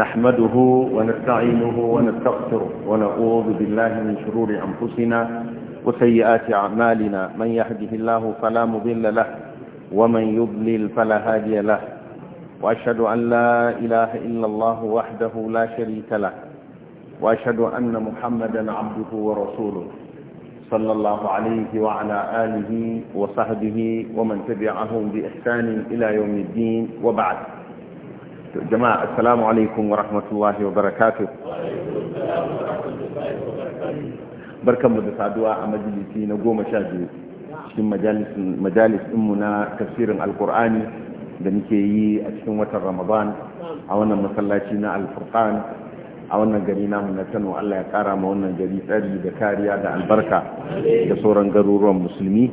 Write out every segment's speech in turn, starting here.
نحمده ونستعينه ونستغفره ونعوذ بالله من شرور أنفسنا وسيئات أعمالنا من يهده الله فلا مضل له ومن يضلل فلا هادي له وأشهد أن لا إله إلا الله وحده لا شريك له وأشهد أن محمدا عبده ورسوله صلى الله عليه وعلى آله وصحبه ومن تبعهم بإحسان إلى يوم الدين وبعد jama'a assalamu alaikum wa rahmatullahi wa barakatuh barkanmu da saduwa a majalisi na goma sha biyu cikin majalis ɗinmu na tafsirin alkur'ani da muke yi a cikin watan ramadan a wannan masallaci na alfurqan a wannan gari namu na kano allah ya kara ma wannan gari tsari da kariya da albarka da sauran garuruwan musulmi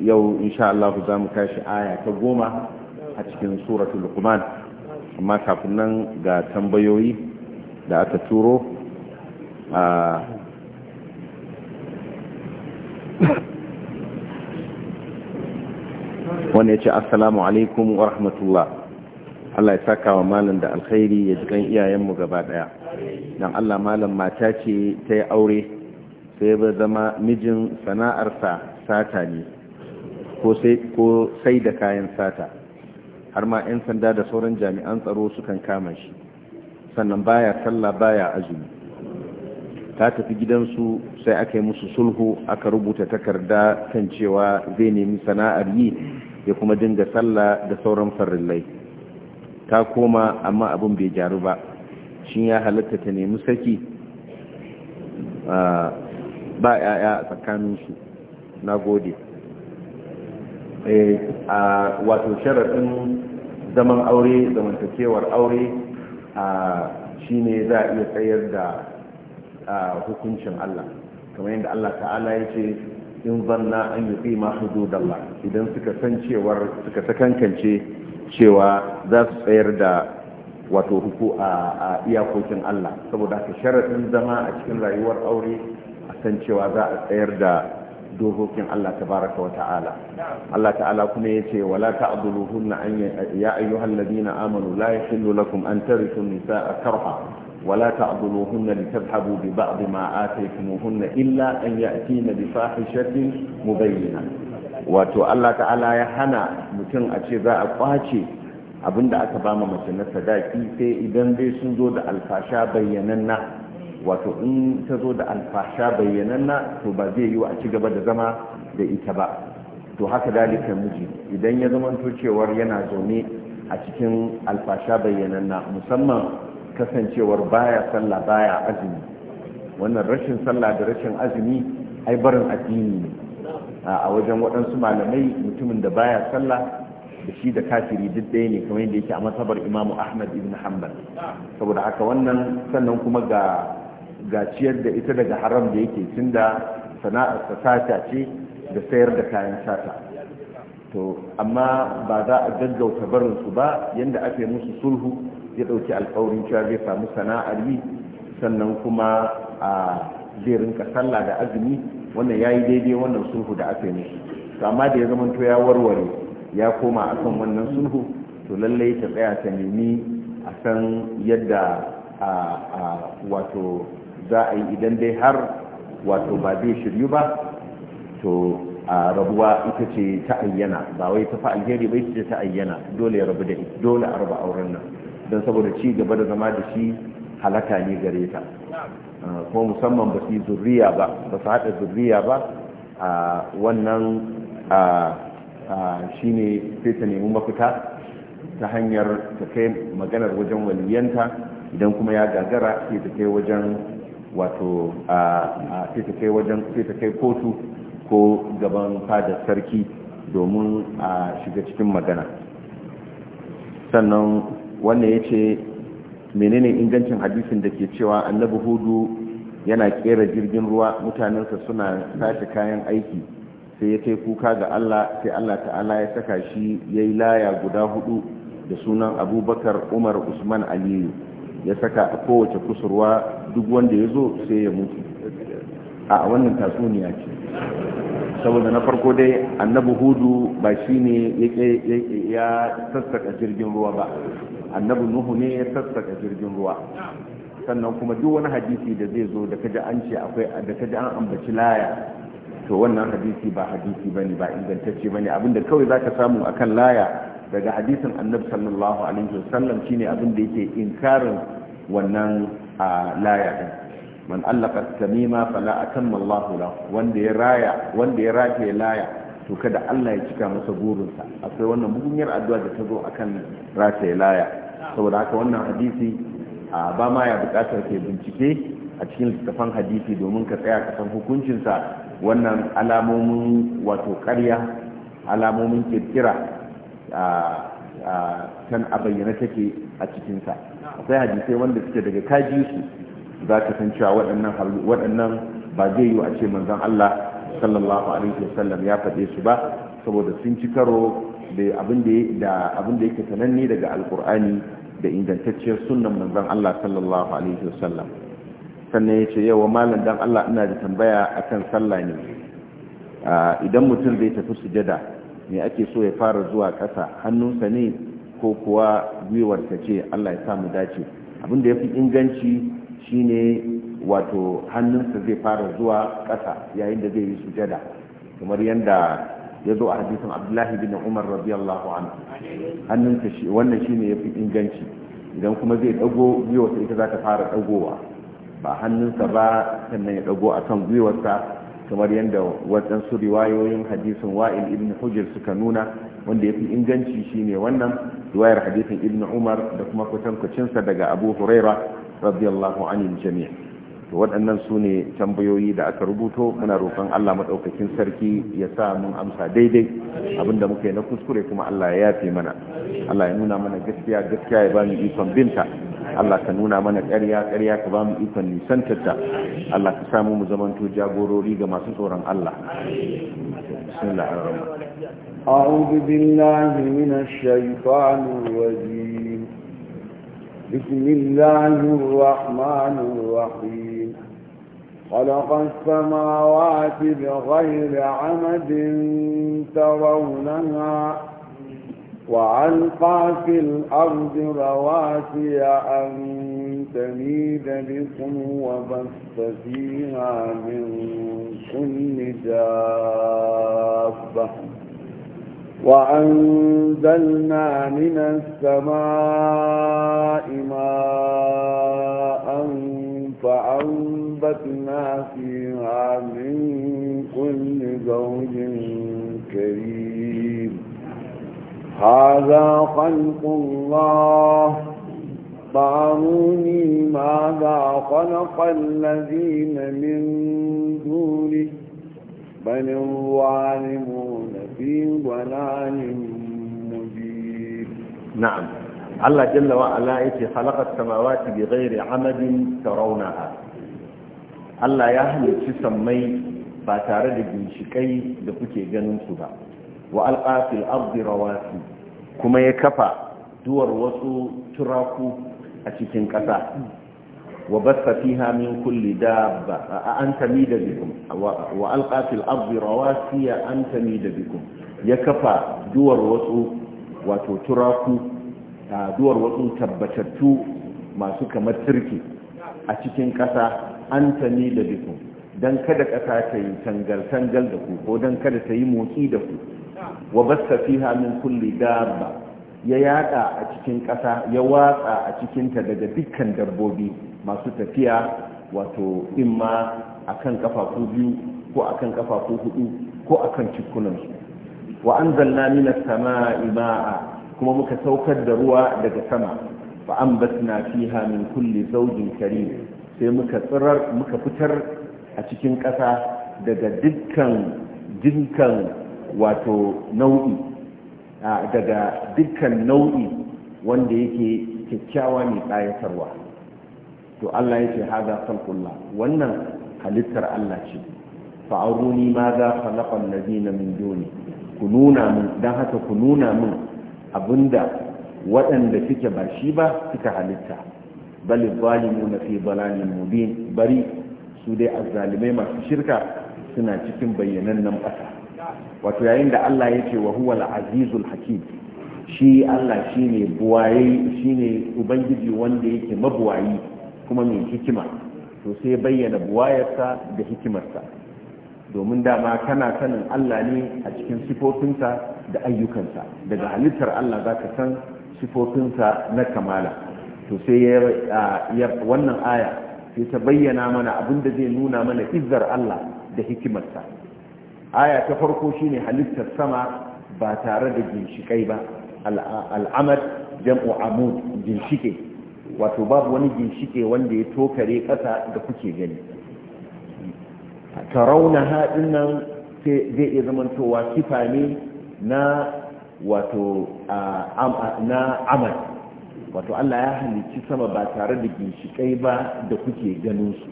yau insha Allah za mu aya ta goma a cikin suratul luqman amma kafin nan ga tambayoyi da aka turo a ya ce assalamu alaikum wa rahmatullah Allah ya saka wa malam da alkhairi ya jikan iyayenmu gaba daya don Allah malam mata ce ta yi aure sai ba zama mijin sana'arsa sata ne ko sai da kayan sata har ma 'yan sanda da sauran jami'an tsaro sukan kama shi sannan baya sallah baya azumi ta tafi gidansu sai aka yi musu sulhu aka rubuta takarda kan cewa zai nemi sana'ar yi ya kuma dinga sallah da sauran farillai ta koma amma abin bai gyaru ba shi ya halatta ta nemi saki ah, ba 'ya'ya a tsakaninsu na gode Eh, a wato sharaɗin zaman aure zamantakewar aure a ne za a iya tsayar da hukuncin Allah kamar yadda Allah ta'ala ya ce in zanna an yi fi masu dodalla idan suka san cewar suka sakankance cewa za su tsayar da wato huku a iyakokin Allah saboda haka sharaɗin zama a cikin rayuwar aure a san cewa za a tsayar da dokokin Allah tabaraka wa ta'ala Allah ta'ala kuma yace wala ta'dhuluhunna an ya ayyuhalladhina amanu la yahillu lakum an tarithu nisaa karha wala ta'dhuluhunna litadhhabu bi ba'd ma ataytumuhunna illa an ya'tina bi fahishatin mubayyina wato Allah ta'ala ya hana mutum a ce za a kwace abinda aka bama mace na sadaki sai idan dai sun zo da alfasha bayyananna wato in ta zo da alfasha bayyananna to ba zai yi wa a ci gaba da zama da ita ba to haka dalika miji idan ya zama cewar yana zaune a cikin alfasha bayyananna musamman kasancewar baya sallah baya azumi wannan rashin sallah da rashin azumi ai barin addini ne a wajen waɗansu malamai mutumin da baya sallah da shi da kafiri duk ɗaya ne kamar yadda yake a masabar imamu ahmad ibn hanbal saboda haka wannan sannan kuma ga ga ciyar da ita daga haram da yake da sana'ar ta sata ce da sayar da kayan sata to amma ba za a gaggauta barin su ba yadda aka musu sulhu ya ɗauki alkawarin cewa zai samu sana'ar yi sannan kuma a zai rinka sallah da azumi wannan yayi daidai wannan sulhu da aka yi musu to amma da ya zama to ya warware ya koma akan wannan sulhu to lallai ta tsaya ta nemi a san yadda a wato za a yi idan dai har wato ba zai shiryu ba to a rabuwa ita ce ta ayyana ba wai ta fa alheri ba ita ce ta ayyana dole ya rabu da ita dole a raba auren nan don saboda ci gaba da zama da shi halaka ne gare ta kuma musamman ba su yi zurriya ba ba su haɗa zurriya ba a wannan shi ne sai ta nemi mafita ta hanyar ta kai maganar wajen waliyanta idan kuma ya gagara sai ta kai wajen wato a fita kai wajen sai kai kotu ko gaban fadar sarki domin a shiga cikin magana sannan wannan ya ce menene ingancin hadisin da ke cewa annabi hudu yana kera jirgin ruwa mutanensa suna tashi kayan aiki sai ya kuka ga allah sai allah ta'ala ya saka shi ya yi laya guda hudu da sunan abubakar umar usman aliyu ya saka a kowace kusurwa duk wanda ya zo sai ya mutu a wannan tatsuniya ce saboda na farko dai annabi hudu ba shi ne ya sassaka jirgin ruwa ba annabi nuhu ne ya sassaka jirgin ruwa sannan kuma duk wani hadisi da zai zo da kaji an ce akwai da kaji an ambaci laya to wannan hadisi ba hadisi bane ba ingantacce bane abinda kawai zaka samu akan laya daga hadisin annabi sallallahu alaihi wasallam shine abin da yake inkarin wannan laya din man allaka tamima fala atamma Allahu la wanda ya raya wanda ya rake laya to kada Allah ya cika masa burinsa akwai wannan muhimmiyar addu'a da ta zo akan rataye laya saboda haka wannan hadisi ba ma ya bukatar ke bincike a cikin littafan hadisi domin ka tsaya ka san hukuncinsa wannan alamomin wato karya alamomin kirkira kan a bayyana take a cikinsa akwai hadisai wanda suke daga kaji su za ka san cewa waɗannan waɗannan ba zai yi a ce manzon Allah sallallahu alaihi wasallam ya faɗe su ba saboda sun ci karo da abin da abin da yake sananne daga alkur'ani da ingantacciyar sunnan manzon Allah sallallahu alaihi wasallam sannan ya ce yawa malam dan Allah ina da tambaya akan sallah ne idan mutum zai tafi sujada me ake so ya fara zuwa ƙasa hannunsa ne ko kuwa gwiwarsa ce Allah ya samu dace abin da ya fi inganci shine wato hannunsa zai fara zuwa ƙasa yayin da zai yi sujada kamar yadda ya zo a hadisin abdullahi bin umar radiyallahu anhu hannunsa shi wannan shine ya fi inganci idan kuma zai dago gwiwarsa ita za ta fara dagowa ba hannunsa ba sannan ya dago a kan gwiwarsa kamar yadda waɗansu riwayoyin hadisin wa'il ibn hujjar suka nuna wanda ya fi inganci shine wannan riwayar hadisin ibn umar da kuma kutankucinsa daga abu huraira radiyallahu anil jami'a to waɗannan su ne tambayoyi da aka rubuto muna roƙon Allah maɗaukakin sarki ya sa mun amsa daidai abinda muka yi na kuskure kuma Allah ya yafe mana Allah ya nuna mana gaskiya gaskiya ya bani ikon binta Allah ka nuna mana ƙarya ƙarya ka bamu ikon nisantarta Allah ka samu mu zamanto jagorori ga masu tsoron Allah بسم الله الرحمن الرحيم خلق السماوات بغير عمد ترونها وألقى في الأرض رواسي أن تميد بكم وبث فيها من كل دابة وأنزلنا من السماء ماء فأنزلنا أنبتنا فيها من كل زوج كريم هذا خلق الله فأروني ماذا خلق الذين من دونه بل الظالمون في ضلال مبين نعم الله جل وعلا خلق السماوات بغير عمد ترونها Allah ya halarci sammai ba tare da ginshikai da kuke ganinsu ba wa alqafil ardi rawasi kuma ya kafa duwar wasu turaku a cikin ƙasa wa basta fiha min kulli dabba an da bikin, wa alqafil ardi ya an da bikin, ya kafa duwar wasu wato turaku duwar wasu tabbatattu masu kamar turki a cikin ƙasa an ta ni da biku don kada ƙasa ta yi tangal-tangal da ku ko don kada ta yi motsi da ku wa basta fiha min kulli dabba ya yada a cikin ƙasa ya watsa a cikinta daga dukkan dabbobi masu tafiya wato imma akan kafafu biyu ko akan kafafu hudu ko akan cikunansu wa anzalna minas sama'i ma'a kuma muka saukar da ruwa daga sama fa ambatna fiha min kulli zawjin karim sai muka tsirar muka fitar a cikin ƙasa daga dukkan dukkan wato nau'i daga dukkan nau'i wanda yake kyakkyawa mai ƙayatarwa to Allah ya ce haza falkullah wannan halittar Allah ce fa'aruni ma za falaqan ladina min duni ku nuna min haka ku nuna min abinda waɗanda suke ba shi ba suka halitta bal zalimuna fi dalalin mubin bari su dai azzalimai masu shirka suna cikin nan ƙasa wato yayin da Allah ya ce wa huwa al-azizul hakim shi Allah shine buwaye shine ubangiji wanda yake mabuwayi kuma mai hikima to sai bayyana buwayarsa da hikimarsa domin dama kana sanin Allah ne a cikin sifofinsa da ayyukansa daga halittar Allah zaka san sifofinsa na kamala to sai ya wannan aya sai ta bayyana mana abin da zai nuna mana izzar Allah da hikimarsa aya ta farko shine halittar sama ba tare da ginshikai ba al'amad jam'u amud ginshike wato babu wani ginshike wanda ya tokare ƙasa da kuke gani tarauna haɗin sai zai iya zamantowa kifa ne na wato na amad wato Allah ya halicci sama ba tare da ginshikai ba da kuke ganin su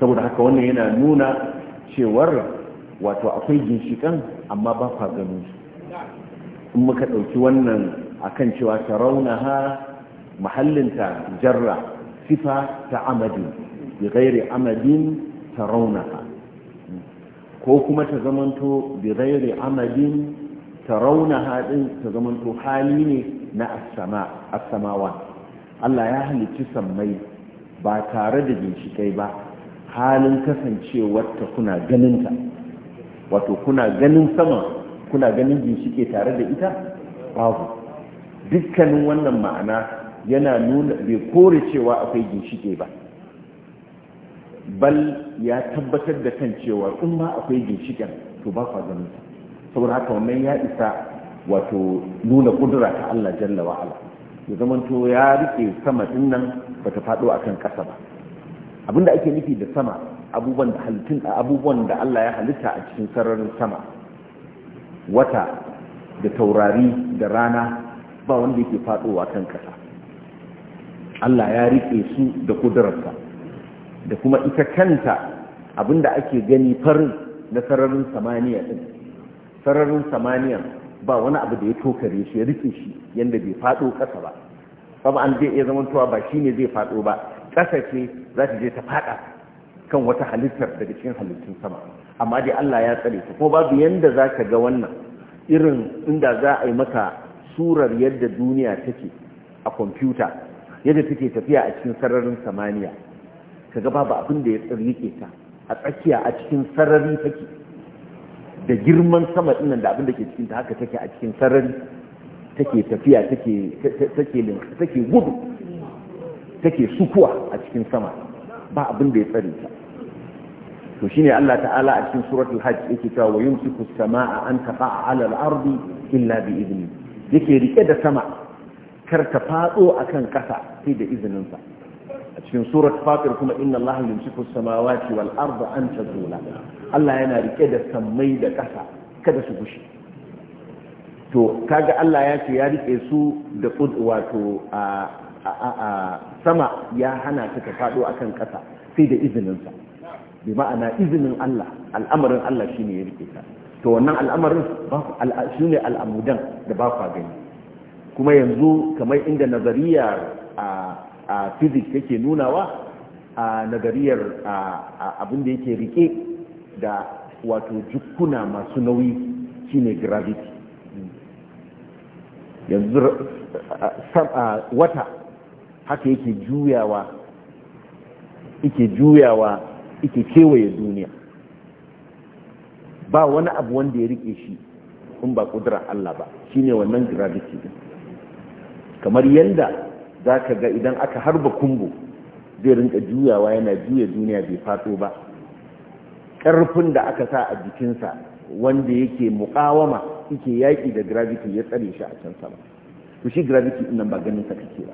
saboda haka wannan yana nuna cewar wato akwai ginshikan amma ba kwa ganin su in muka ɗauki wannan akan cewa ta raunaha mahallinta jarra sifa ta amadin bi gairi amadin ta raunaha ko kuma ta zamanto bi gairi amadin ta raunaha ɗin ta zamanto hali ne na asama sama Allah ya halitta sammai ba tare da ginshikai ba halin kasancewar ta kuna ganin wato kuna ganin sama kuna ganin ginshike tare da ita babu dukkanin wannan ma'ana yana nuna bai kore cewa akwai ginshike ba bal ya tabbatar da kan cewa in ma akwai ginshiken to ba kwa ganin saboda haka wannan ya isa wato nuna kudura ta Allah jalla wa ala ya zamanto ya rike sama din nan bata fado akan kasa ba abinda ake nufi da sama abubuwan da halittun abubuwan da Allah ya halitta a cikin sararin sama wata da taurari da rana ba wanda yake fadowa kan kasa Allah ya rike su da kudurarsa da kuma ita kanta abinda ake gani farin na sararin samaniya din sararin samaniya ba wani abu da ya tokare shi ya rike shi yanda bai fado kasa ba kuma an zai iya zamantowa ba shine zai fado ba kasa ce za ta je ta fada kan wata halittar daga cikin halittun sama amma dai Allah ya tsare ta ko babu yanda za ka ga wannan irin inda za a yi maka surar yadda duniya take a kwamfuta yadda take tafiya a cikin sararin samaniya kaga babu abin da ya tsirrike ta a tsakiya a cikin sarari take da girman sama dinnan da abin da ke cikin ta haka take a cikin sarari take tafiya take take take gudu take sukuwa a cikin sama ba abin da ya tsare ta to shine Allah ta'ala a cikin suratul hajj yake cewa wa yumsiku samaa an taqa'a 'ala al-ardi illa bi idni yake rike da sama kar ta fado akan kasa sai da izinin sa a cikin surat fatir kuma inna allaha yumsiku as-samawati wal arda an tazula Allah yana rike da sammai da ƙasa kada su gushi, to kaga Allah ya ce ya rike su da wato a sama ya hana su ta faɗo akan ƙasa sai da izininsa bi ma'ana izinin Allah al'amarin Allah shine ya rike ta to wannan al'amarin shi ne al'amudan da ba kwa gani kuma yanzu kamar inda nazariyar a physics yake nunawa a nazariyar abin da yake rike da wato jukuna masu nauyi shine gravity yanzu wata haka yake juyawa yake juyawa yake kewaye duniya ba wani abu wanda ya rike shi in ba kudura Allah ba shine wannan gravity din kamar yanda zaka ga idan aka harba kumbu zai rinka juyawa yana juya duniya bai fato ba ƙarfin da aka sa a jikinsa wanda yake muƙawama yake yaƙi da gravity ya tsare shi a can sama to shi gravity nan ba ganin sa kake ba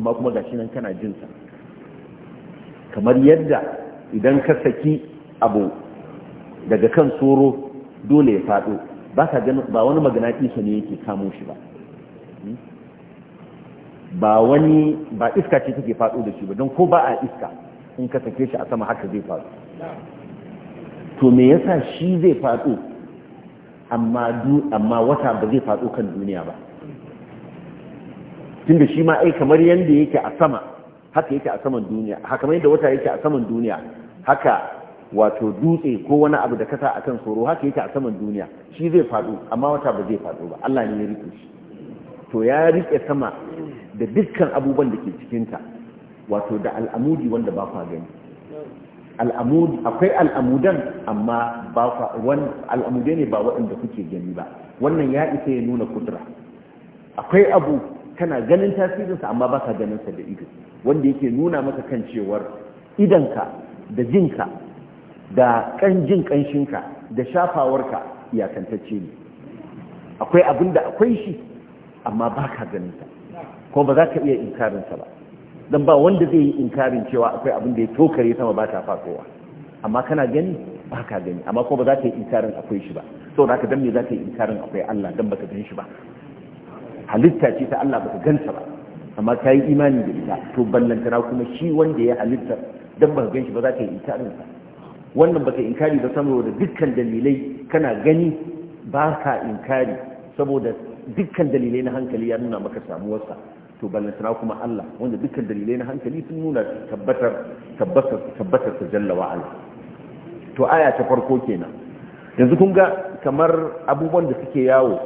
amma kuma gashi nan kana jin sa kamar yadda idan ka saki abu daga kan tsoro dole ya faɗo ba ka ganin ba wani magnatisa ne yake kamo shi ba hmm? ba wani ba iska ce take faɗo da shi ba don ko ba a iska in ka sake shi a sama haka zai faɗo to me yasa shi zai faɗo amma amma wata ba zai faɗo kan duniya ba tunda shi ma ai kamar yadda yake a sama haka yake a saman duniya haka kamar yadda wata yake a saman duniya haka wato dutse ko wani abu da kasa akan tsoro haka yake a saman duniya shi zai faɗo amma wata ba zai faɗo ba Allah ne ya rike shi to ya rike sama da dukkan abubuwan da ke cikinta wato da al'amudi wanda ba fa gani al'amud akwai al'amudan amma ba al'amudai ne ba waɗanda kuke gani ba wannan ya isa ya nuna kudura akwai abu kana ganin tasirinsa amma ba ka ganinsa da ido wanda yake nuna maka kan cewar ka, da jinka da kan jin kanshinka da shafawar shafawarka iyakantacce ne akwai abin da akwai shi amma ba ka ganinsa ko ba za ka iya inkarinsa ba dan ba wanda zai yi inkarin cewa akwai abin da ya tokare sama ba ta fasowa amma kana gani ba ka gani amma ko ba za ka yi inkarin akwai shi ba so da ka dan me za ka yi inkarin akwai Allah dan baka gani shi ba halitta ce ta Allah ba ka gansa ba amma ka yi imani da ita to ballantana kuma shi wanda ya halitta dan baka gani shi ba za ka yi inkarin sa wannan baka inkari ba saboda dukkan dalilai kana gani ba ka inkari saboda dukkan dalilai na hankali ya nuna maka samuwarsa to ballantana kuma Allah wanda dukkan dalilai na hankali sun nuna tabbatar tabbatar tabbatar ta jalla wa ala to aya ta farko kenan yanzu kun ga kamar abubuwan da suke yawo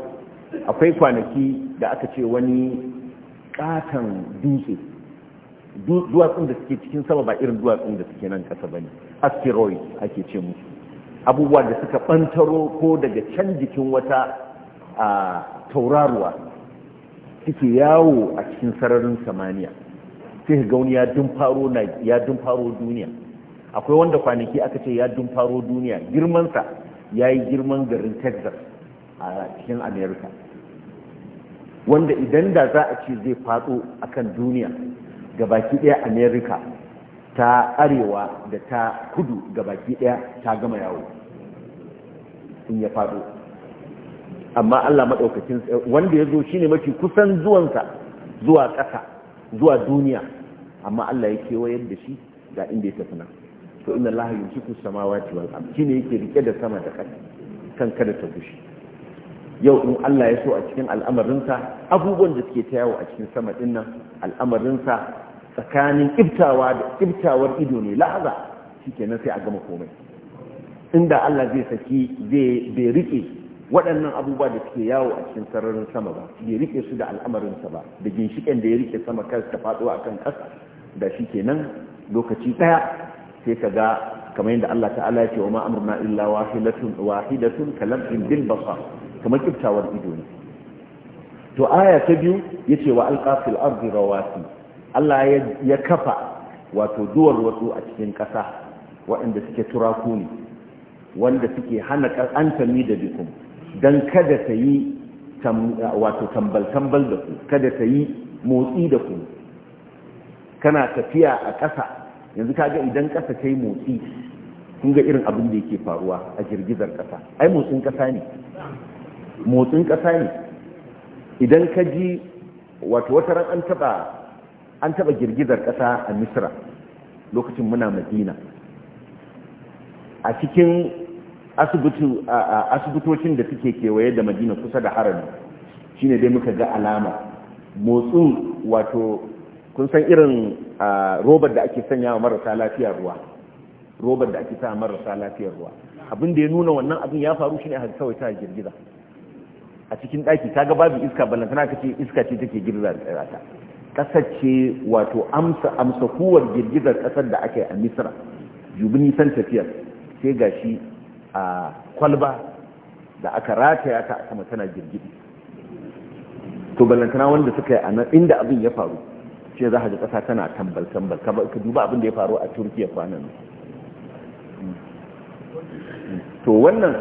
akwai kwanaki da aka ce wani katan dutse duwatsun da suke cikin sama ba irin duwatsun da suke nan kasa bane asteroid ake ce musu abubuwa da suka bantaro ko daga can jikin wata a tauraruwa suke yawo a cikin sararin samaniya sai ga wani ya dumfaro ya duniya akwai wanda kwanaki aka ce ya faro duniya girmansa ya yi girman garin texas a cikin america wanda idan da za a ce zai faɗo akan duniya ga baki ɗaya america ta arewa da ta kudu ga baki ɗaya ta gama yawo in ya faɗo amma Allah madaukakin wanda ya yazo shine mafi kusan zuwansa zuwa ƙasa zuwa duniya amma Allah ya kewayar da shi ga inda ya tafi nan to inna Allah yumsiku samawati wal ard shine yake rike da sama da ƙasa kan kada ta gushi yau in Allah ya so a cikin al'amarinsa abubuwan da suke ta yawo a cikin sama din nan al'amarinsa tsakanin ibtawa da ibtawar ido ne lahaza shikenan sai a gama komai inda Allah zai saki zai bai rike waɗannan abubuwa da suke yawo a cikin sararin sama ba ya rike su da al'amarinsa ba da ginshiƙen da ya rike sama kar ta faɗo a kan ƙasa da shi kenan lokaci ɗaya sai ka ga kamar yadda Allah ta'ala ya ce wa ma'amurna illa wahidatun wahidatun kalam in bil basar kamar kiftawar ido ne to aya ta biyu yace wa alqafil ardi rawasi Allah ya kafa wato duwar wasu a cikin ƙasa waɗanda suke turaku ne wanda suke hana ƙasantami da bikin don kada ta yi wato tambal-tambal da ku kada ta yi motsi da ku kana tafiya a ƙasa yanzu kaga idan ƙasa ta yi motsi kun ga irin abin da yake faruwa a girgizar ƙasa ai motsin ƙasa ne motsin ƙasa ne idan ka ji wato wata ran an taɓa an taba girgizar ƙasa a Misira. lokacin muna madina a cikin asibitocin da suke kewaye da madina kusa da harami shine dai muka ga alama motsin wato kun san irin robar da ake sanya wa marasa lafiyar ruwa robar da ake sa marasa lafiyar ruwa abin da ya nuna wannan abin ya faru shine a kawai ta girgiza a cikin daki ga babu iska ballantana kace iska ce take girgiza ta kasar ce wato amsa amsa kuwar girgizar kasar da aka yi a misira jubin nisan tafiyar sai ga shi. a kwalba da aka rataya ta a sama tana girgidi to ballantana wanda suka yi a nan inda abin ya faru ce za a ji ƙasa tana tambal-tambal ka duba abin da ya faru a turkiya kwanan to wannan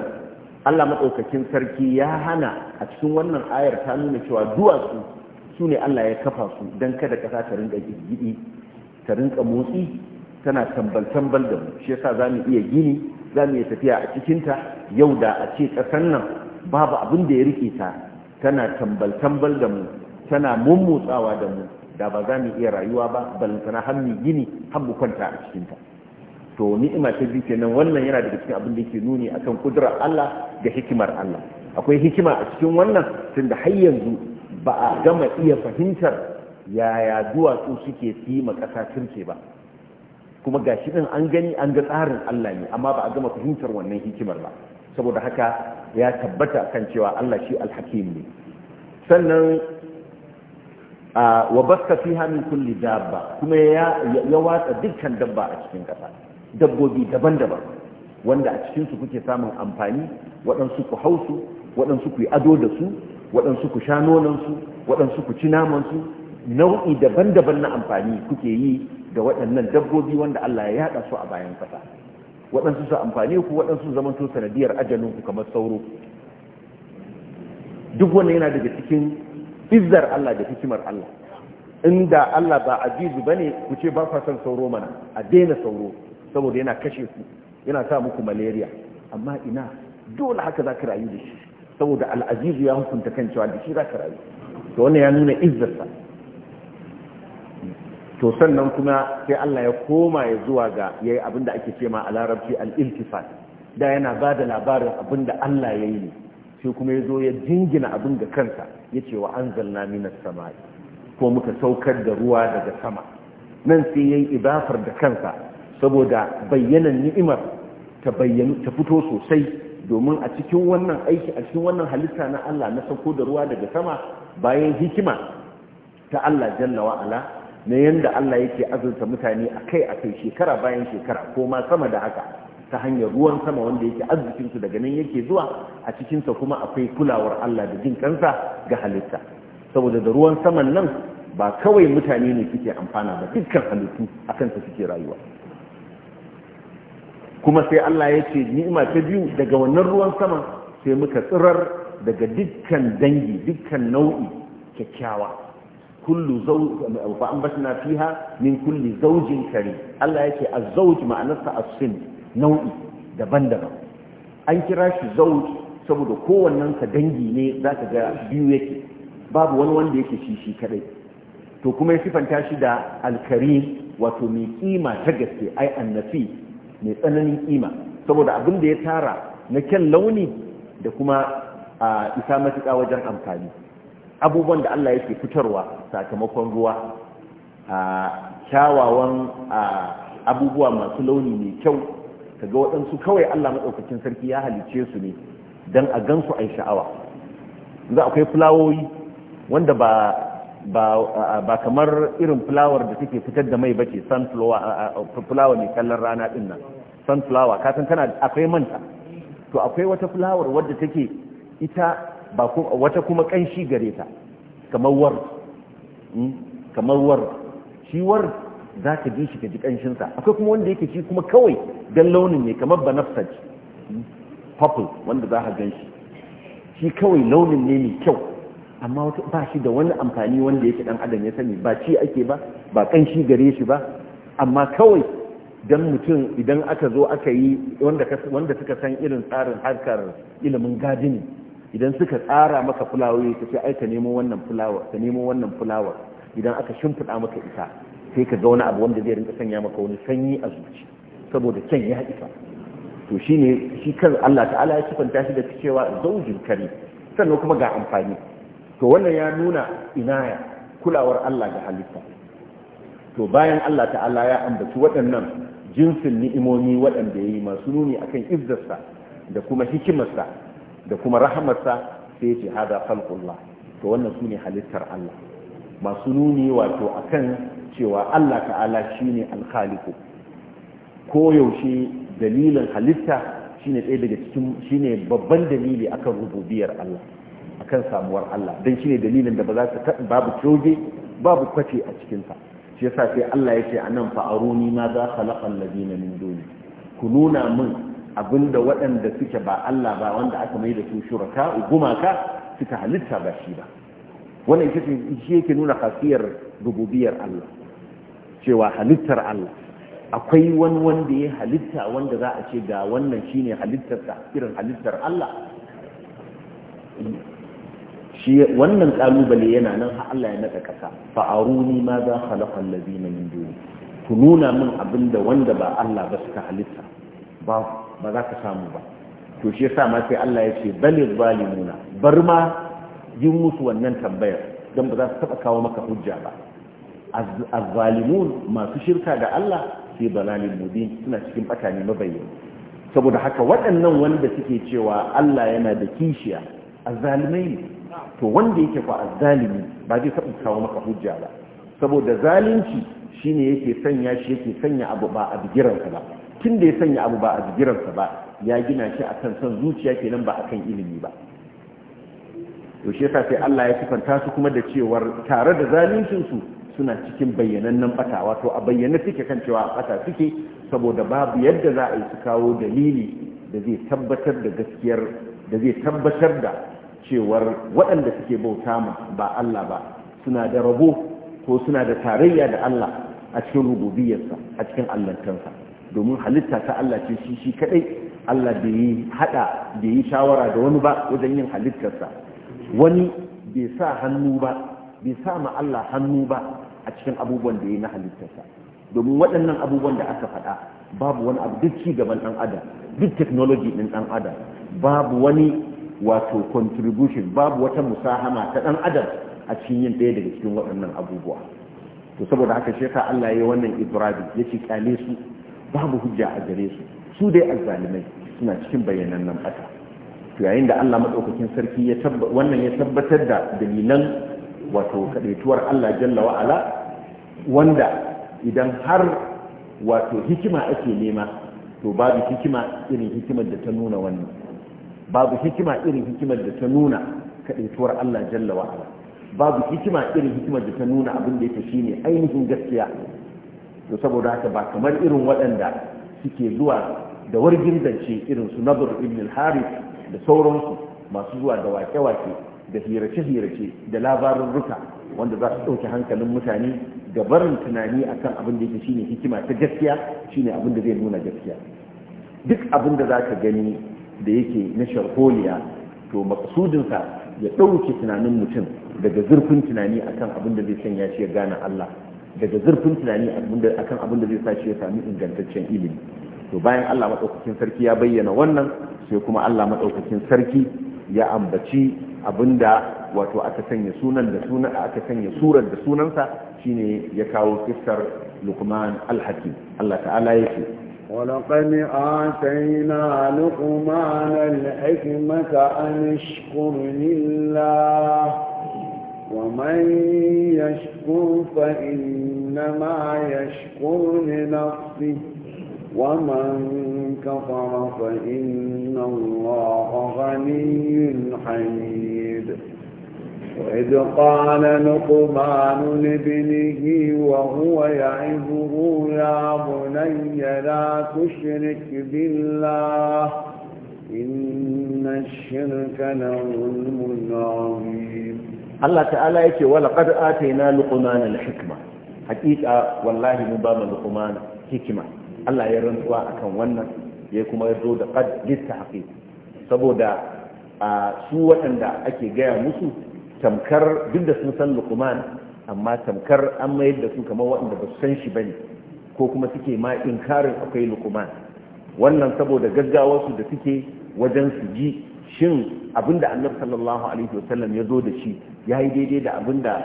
allah maɗaukakin sarki ya hana a cikin wannan ayar ta nuna cewa duwatsu su ne allah ya kafa su don kada ƙasa ta rinka girgidi ta rinka motsi tana tambal-tambal da mu shi yasa za mu iya gini za mu yi tafiya a cikinta yau da a ce ƙasar nan babu abin da ya rike ta tana tambal-tambal da mu tana mummutsawa da mu da ba za mu iya rayuwa ba balantana har hannu gini hannu kwanta a cikinta to ni'ima ta biyu kenan wannan yana daga cikin abin da yake nuni akan kudurar Allah da hikimar Allah akwai hikima a cikin wannan tun da har yanzu ba a gama iya fahimtar yaya duwatsu suke fi ma ƙasa turke ba kuma ga shi din an gani an ga tsarin Allah ne amma ba a gama fahimtar wannan hikimar ba saboda haka ya tabbata kan cewa Allah shi alhakim ne sannan wa basta fiha min kulli dabba kuma ya watsa dukkan dabba a cikin kasa dabbobi daban-daban wanda a cikin su kuke samun amfani waɗansu ku hausu waɗansu ku yi ado da su waɗansu ku sha nonansu waɗansu ku ci namansu nau'i daban-daban na amfani kuke yi da waɗannan dabbobi wanda Allah ya yada su a bayan kasa waɗansu su amfane ku waɗansu zamanto sanadiyar ajalin ku kamar sauro duk wannan yana daga cikin izzar Allah da hikimar Allah inda Allah ba ajizu bane ku ce ba fa san sauro mana a daina sauro saboda yana kashe ku yana sa muku malaria amma ina dole haka za ka rayu da shi saboda al'azizu ya hukunta kan cewa da shi za ka rayu to wannan ya nuna izzarsa to sannan kuma sai Allah ya koma ya zuwa ga yayi abinda ake cewa a larabci al-iltifat da yana ba da labarin abinda Allah ya yi sai kuma ya zo ya jingina abin ga kansa ya ce wa anzalna minas samari. ko muka saukar da ruwa daga sama nan sai yayi ibafar da kansa saboda bayyanan ni'imar ta bayyana ta fito sosai domin a cikin wannan aiki a cikin wannan halitta na Allah na sauko da ruwa daga sama bayan hikima ta Allah jalla wa ala na yadda Allah yake azurta mutane a kai-a kai shekara bayan shekara ko ma sama da haka ta hanyar ruwan sama wanda yake arzikinsu daga nan yake zuwa a cikinsa kuma akwai kulawar Allah da jin kansa ga halitta saboda da ruwan saman nan ba kawai mutane ne suke amfana ba dukkan halittu a kansa suke rayuwa kuma sai Allah ya ce ni'ima ta biyu daga wannan ruwan sama sai muka tsirar daga dukkan dangi dukkan nau'i kyakkyawa kullu zawj fa ambatna fiha min kulli zawjin karim Allah yake az-zawj ma'anarsa a sin nau'i daban-daban an kira shi zawj saboda kowannen dangi ne zaka ga biyu yake babu wani wanda yake shi kaɗai. to kuma ya sifanta shi da al wato mai ƙima ta gaske ai annasi mai tsananin ƙima. saboda abin da ya tara na kyan launi da kuma a isa matuka wajen amfani abubuwan da Allah yake fitarwa sakamakon ruwa a kyawawan abubuwa masu launi mai kyau kaga waɗansu kawai Allah maɗaukacin sarki ya halice su ne don a gansu a yi sha'awa za akwai fulawoyi wanda ba kamar irin fulawar da take fitar da mai ba sunflower fulawa mai kallon rana ɗin nan sunflower kasan tana akwai manta to akwai wata fulawar wadda take ita ba wata kuma kanshi gare ta kamar war hmm, shi war za ka ji shi ka ji kanshinsa akwai kuma wanda yake shi kuma kawai don launin ne kamar banafsaj hmm, purple wanda za ka gan shi shi kawai launin ne mai kyau amma ba shi da wani amfani wanda yake dan adam ya sani ba ci ake ba ba kanshi gare shi ba amma kawai don mutum idan aka zo aka yi wanda suka san irin tsarin harkar ilimin gadini idan suka tsara maka fulawoyi ta ce ai aika nemo wannan fulawa ka nemo wannan fulawar idan aka shimfiɗa maka ita sai ka zauna wani abu wanda zai rinka sanya maka wani sanyi a zuci saboda kyan ya isa to shi ne, shi kan Allah ta'ala ya sifanta shi da cewa zaujin kare sannan kuma ga amfani to wannan ya nuna inaya kulawar Allah ga halitta to bayan Allah ta'ala ya ambaci waɗannan jinsin ni'imomi waɗanda ya yi masu nuni akan izzarsa da kuma hikimarsa da kuma rahamarsa sai ce hada khalqullah to wannan su ne halittar Allah masu nuni wato akan cewa Allah ta'ala shine alkhaliqu ko yaushe dalilin halitta shine ɗaya daga cikin shine babban dalili akan rububiyar Allah akan samuwar Allah dan shine dalilin da ba za ka babu coge babu kwace a cikinsa. sa shi yasa sai Allah ya ce anan fa aruni ma za khalaqa alladina min duni ku nuna min abinda waɗanda suke ba Allah ba wanda aka mai da su shuraka gumaka suka halitta ba shi ba wannan ita ce shi yake nuna khasiyar rububiyar Allah cewa halittar Allah akwai wani wanda ya halitta wanda za a ce ga wannan shine halittar ta, irin halittar Allah shi wannan kalubale yana nan ha Allah ya naka kasa fa aruni ma za khalaqa allazina min duni ku nuna min abinda wanda ba Allah ba suka halitta ba za ka samu ba to shi yasa ma sai Allah ya ce balil zalimuna bar ma yin musu wannan tambayar dan ba za su taba kawo maka hujja ba azzalimun masu shirka da Allah sai balalin mubin suna cikin batani mabayyana saboda haka waɗannan wanda suke cewa Allah yana da kishiya az ne to wanda yake kwa zalimi, ba zai taɓa kawo maka hujja ba saboda zalunci shine yake sanya shi yake sanya abu ba a ka ba tun da ya sanya abu ba a jigirarsa ba ya gina shi a kan son zuciya kenan ba a kan ilimi ba to shi yasa sai Allah ya sifanta su kuma da cewar tare da zaluncinsu su suna cikin bayyanannen bata wato a bayyana suke kan cewa a bata suke saboda babu yadda za a yi su kawo dalili da zai tabbatar da gaskiyar da zai tabbatar da cewar waɗanda suke bauta ma ba Allah ba suna da rabo ko suna da tarayya da Allah a cikin rububiyarsa a cikin allantansa domin halitta ta Allah ce shi shi kadai Allah da yi hada da yi shawara da wani ba wajen yin halittarsa wani bai sa hannu ba bai sa ma Allah hannu ba a cikin abubuwan da yi na halittarsa domin waɗannan abubuwan da aka faɗa babu wani abu duk ci gaban ɗan adam duk technology ɗin ɗan adam babu wani wato contribution babu wata musahama ta ɗan adam a cikin yin ɗaya daga cikin waɗannan abubuwa to saboda haka shekara Allah ya yi wannan Ibrahim ya ce kyale su babu hujja a gare su su dai azzalimai suna cikin nan fata to yayin da Allah madaukakin sarki ya wannan ya tabbatar da dalilan wato kadaituwar Allah jalla wa ala wanda idan har wato hikima ake nema to babu hikima irin hikimar da ta nuna wannan babu hikima irin hikimar da ta nuna kadaituwar Allah jalla wa ala babu hikima irin hikimar da ta nuna abin da yake shine ainihin gaskiya to saboda haka ba kamar irin waɗanda suke zuwa da wargin zance irin su nazar ibn al-harith da sauransu masu zuwa da wake-wake da hirace-hirace da labarin ruka wanda za su ɗauki hankalin mutane gabar barin tunani akan abin da yake shine hikima ta gaskiya shine abin da zai nuna gaskiya duk abin da za ka gani da yake na sharholiya to maksudinsa ya ɗauke tunanin mutum daga zurfin tunani akan abin da zai sanya shi ya gane Allah daga zurfin tunani akan abin da zai sa shi ya sami ingantaccen ilimi to bayan Allah maɗaukakin sarki ya bayyana wannan sai kuma Allah maɗaukakin sarki ya ambaci abinda wato aka sanya sunan da sunan aka sanya surar da sunansa shine ya kawo kissar Luqman al-Hakim Allah ta'ala yake ولقد آتينا لقمان الحكمة أن اشكر لله ومن يشكر فإنما يشكر لنفسه ومن كفر فإن الله غني حميد وإذ قال لقمان لابنه وهو يعظه يا بني لا تشرك بالله إن الشرك لظلم عظيم Allah ta'ala yake wala qad atayna luqmana al-hikma hakika wallahi mun ba mu luqmana hikima Allah ya rantsuwa akan wannan ya kuma zo da qad litahqiq saboda su waɗanda ake gaya musu tamkar duk da sun san luqman amma tamkar an mayar da su kamar waɗanda ba su san shi bane ko kuma suke ma inkarin akwai luqman wannan saboda gaggawarsu da suke wajen su ji shin abinda annabi sallallahu alaihi wasallam ya zo da shi ya yi daidai da abinda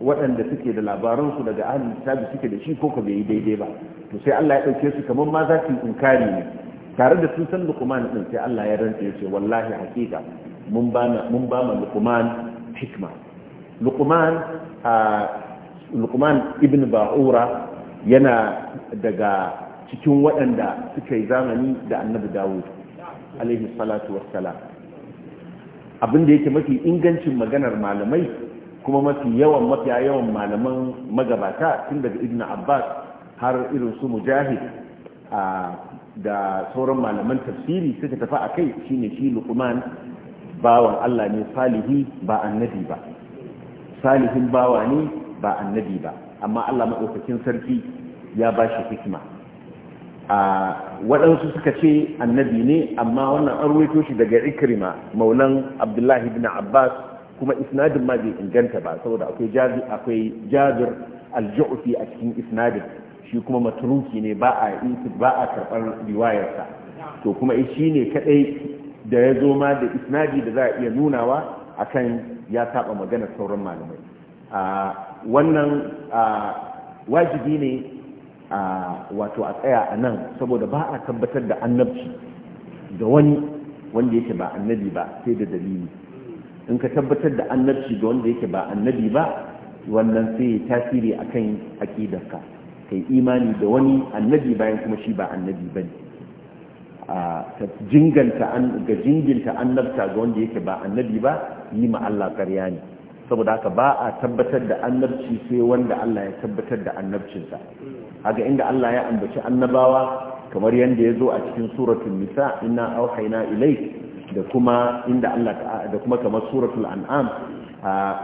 waɗanda suke da labaransu daga ahalin kitabi suke da shi ko ka bai yi daidai ba to sai Allah ya ɗauke su kamar ma za su inkari ne tare da sun san lukman ɗin sai Allah ya rantse ya ce wallahi hakika mun ba mun ba ma hikma Lukman a lukman ibn ba'ura yana daga cikin waɗanda suka yi zamani da annabi dawud alaihi salatu wassalam abin da yake mafi ingancin maganar malamai kuma mafi yawan mafi yawan malaman magabata tun daga ibn abbas har irin su mujahid da sauran malaman tafsiri suka tafi a kai shine shi luqman bawan allah ne salihi ba annabi ba salihin bawa ne ba annabi ba amma allah maɗaukakin sarki ya ba shi hikima a waɗansu suka ce annabi ne amma wannan an ruwaito shi daga ikrima maulan abdullahi bin abbas kuma isnadin ma bai inganta ba saboda akwai jazir akwai jabir al a cikin isnadin shi kuma matruki ne ba a ba a karɓar riwayarsa to kuma shi ne kadai da ya zo ma da isnadi da za a iya nunawa akan ya saba magana sauran malamai a wannan wajibi ne a wato a tsaya a nan saboda ba a tabbatar da annabci ga wani wanda yake ba annabi ba sai da dalili in ka tabbatar da annabci ga wanda yake ba annabi ba wannan sai tasiri akan ka kai imani da wani annabi bayan kuma shi ba annabi ba a ta jinganta an ga jinginta annabta ga wanda yake ba annabi ba yi ma Allah ƙarya ne saboda haka ba a tabbatar da annabci sai wanda Allah ya tabbatar da annabcinsa haka inda Allah ya ambaci annabawa kamar yadda ya zo a cikin suratun nisa ina auhaina ilai da kuma da kuma kamar suratul an'am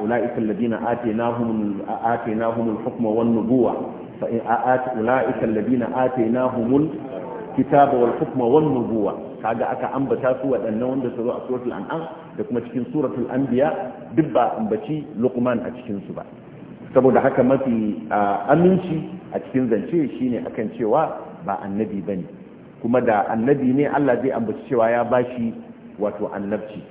ulaika alladina atainahum atainahum al-hukma wan nubuwa fa in ata ulaika a atainahum na humul wal hukuma wannan nubuwa kaga aka ambata su waɗannan wanda su zo a suratul an'am da kuma cikin suratul anbiya duk ba ambaci lukman a cikin su ba saboda haka mafi aminci a cikin zance shine akan cewa ba annabi bane kuma da annabi ne Allah zai ambaci cewa ya bashi wato annabci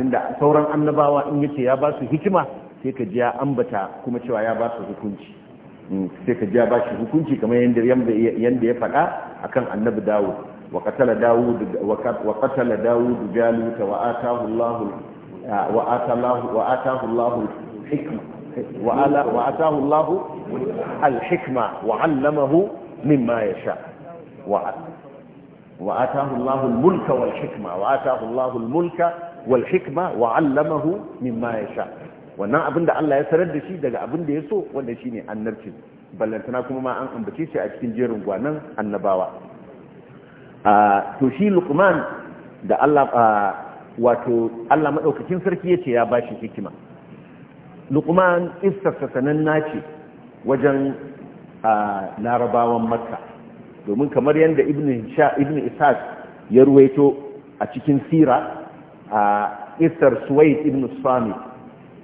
tunda sauran annabawa in yace ya basu su hikima sai ka ji ya ambata kuma cewa ya ba hukunci hmm, sai ka ji ya ba hukunci kamar yadda ya faɗa akan annabi dawo وقتل داود وقتل داود جالوت وآتاه الله وآتى الله وآتاه الله الحكمة وآتاه الله الحكمة وعلمه مما يشاء وآتاه الله الملك والحكمة وآتاه الله الملك والحكمة وعلمه مما يشاء wannan abin da Allah ya sanar da shi daga abin da ya so wanda shine annabci ballantana kuma ma an ambace shi a cikin jerin gwanan annabawa to shi lukman da Allah wato Allah maɗaukacin sarki ya ce ya ba shi hikima lukman istarsa sananna ce wajen larabawan makka domin kamar yadda ibn ishaq ya ruwaito a cikin sira a istar suwaid ibn sami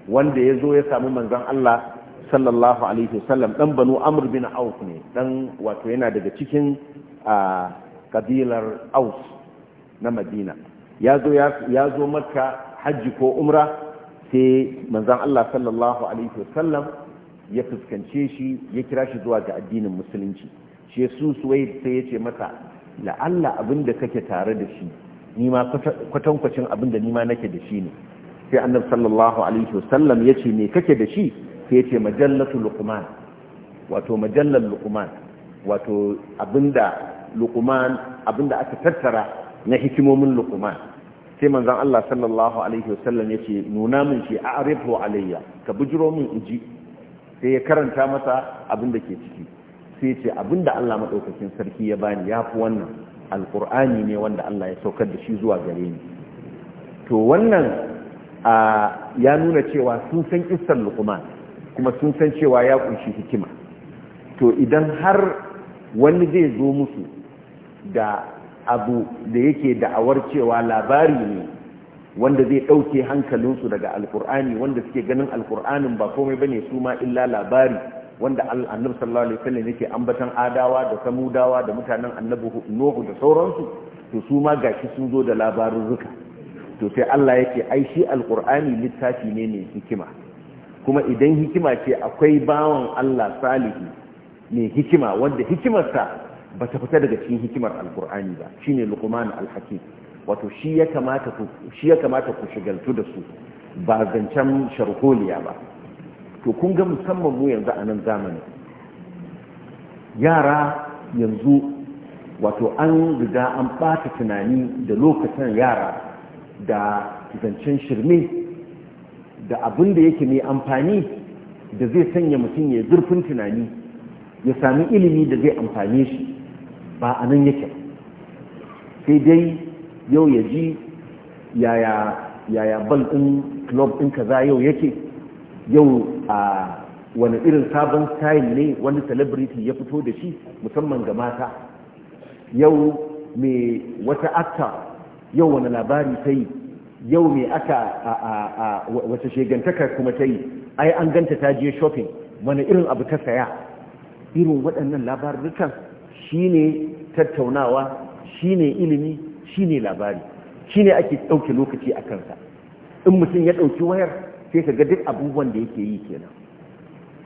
wanda ya zo ya samu manzan Allah sallallahu alaihi wasallam dan banu amr bin auf ne dan wato yana daga cikin kabilar aus na madina ya zo maka hajji ko umra sai manzan Allah sallallahu alaihi wasallam ya fuskance shi ya kira shi zuwa ga addinin musulunci shi su sai ya ce masa la'alla abin da kake tare da shi nima kwatankwacin abin da nima nake da shi ne sai annab sallallahu alaihi wasallam ya ce me kake da shi sai ya ce majallatu luqman wato majallar luqman wato abinda luqman abinda aka tattara na hikimomin lukuman sai manzon Allah sallallahu alaihi wasallam yake nuna min shi a'rifu alayya ka bujiro min inji sai ya karanta masa abinda ke ciki sai ce abinda Allah madaukakin sarki ya bani ya yafi wannan alqur'ani ne wanda Allah ya saukar da shi zuwa gare ni to wannan ya nuna cewa sun san kistan luqman kuma sun san cewa ya ƙunshi hikima to idan har wani zai zo musu da abu da yake da'awar cewa labari ne wanda zai ɗauke hankalinsu daga alkur'ani wanda suke ganin alkur'anin ba komai bane su ma illa labari wanda annab sallallahu alaihi wasallam yake ambatan adawa da samudawa da mutanen annabi nuhu da sauransu to su ma gashi sun zo da labarin ruka. to sai Allah yake ai shi alkur'ani littafi ne mai hikima kuma idan hikima ce akwai bawan Allah salihi mai hikima wanda hikimarsa ba ta fita daga cikin hikimar alkur'ani ba shi ne lukman alhakim wato shi ya kamata ku shigaltu da su ba zancen sharholiya ba to kun ga musamman mu yanzu a nan zamani. yara yanzu wato an riga an ɓata tunani da lokacin yara da zancen shirme da abin da yake mai amfani da zai sanya mutum ya zurfin tunani ya sami ilimi da zai amfane shi ba a nan yake sai dai yau ya ji yaya bal ɗin club ɗin kaza yau yake yau a wani irin sabon style ne wani celebrity ya fito da shi musamman ga mata yau mai wata actor yau wani labari ta yi yau mai aka wata shegantaka kuma ta yi ai an ganta ta je shopping wani irin abu ta saya irin waɗannan labarukan shine tattaunawa shine ilimi shine labari shi ne ake ɗauke lokaci a kansa in mutum ya ɗauki wayar sai ka ga duk abubuwan da yake yi kenan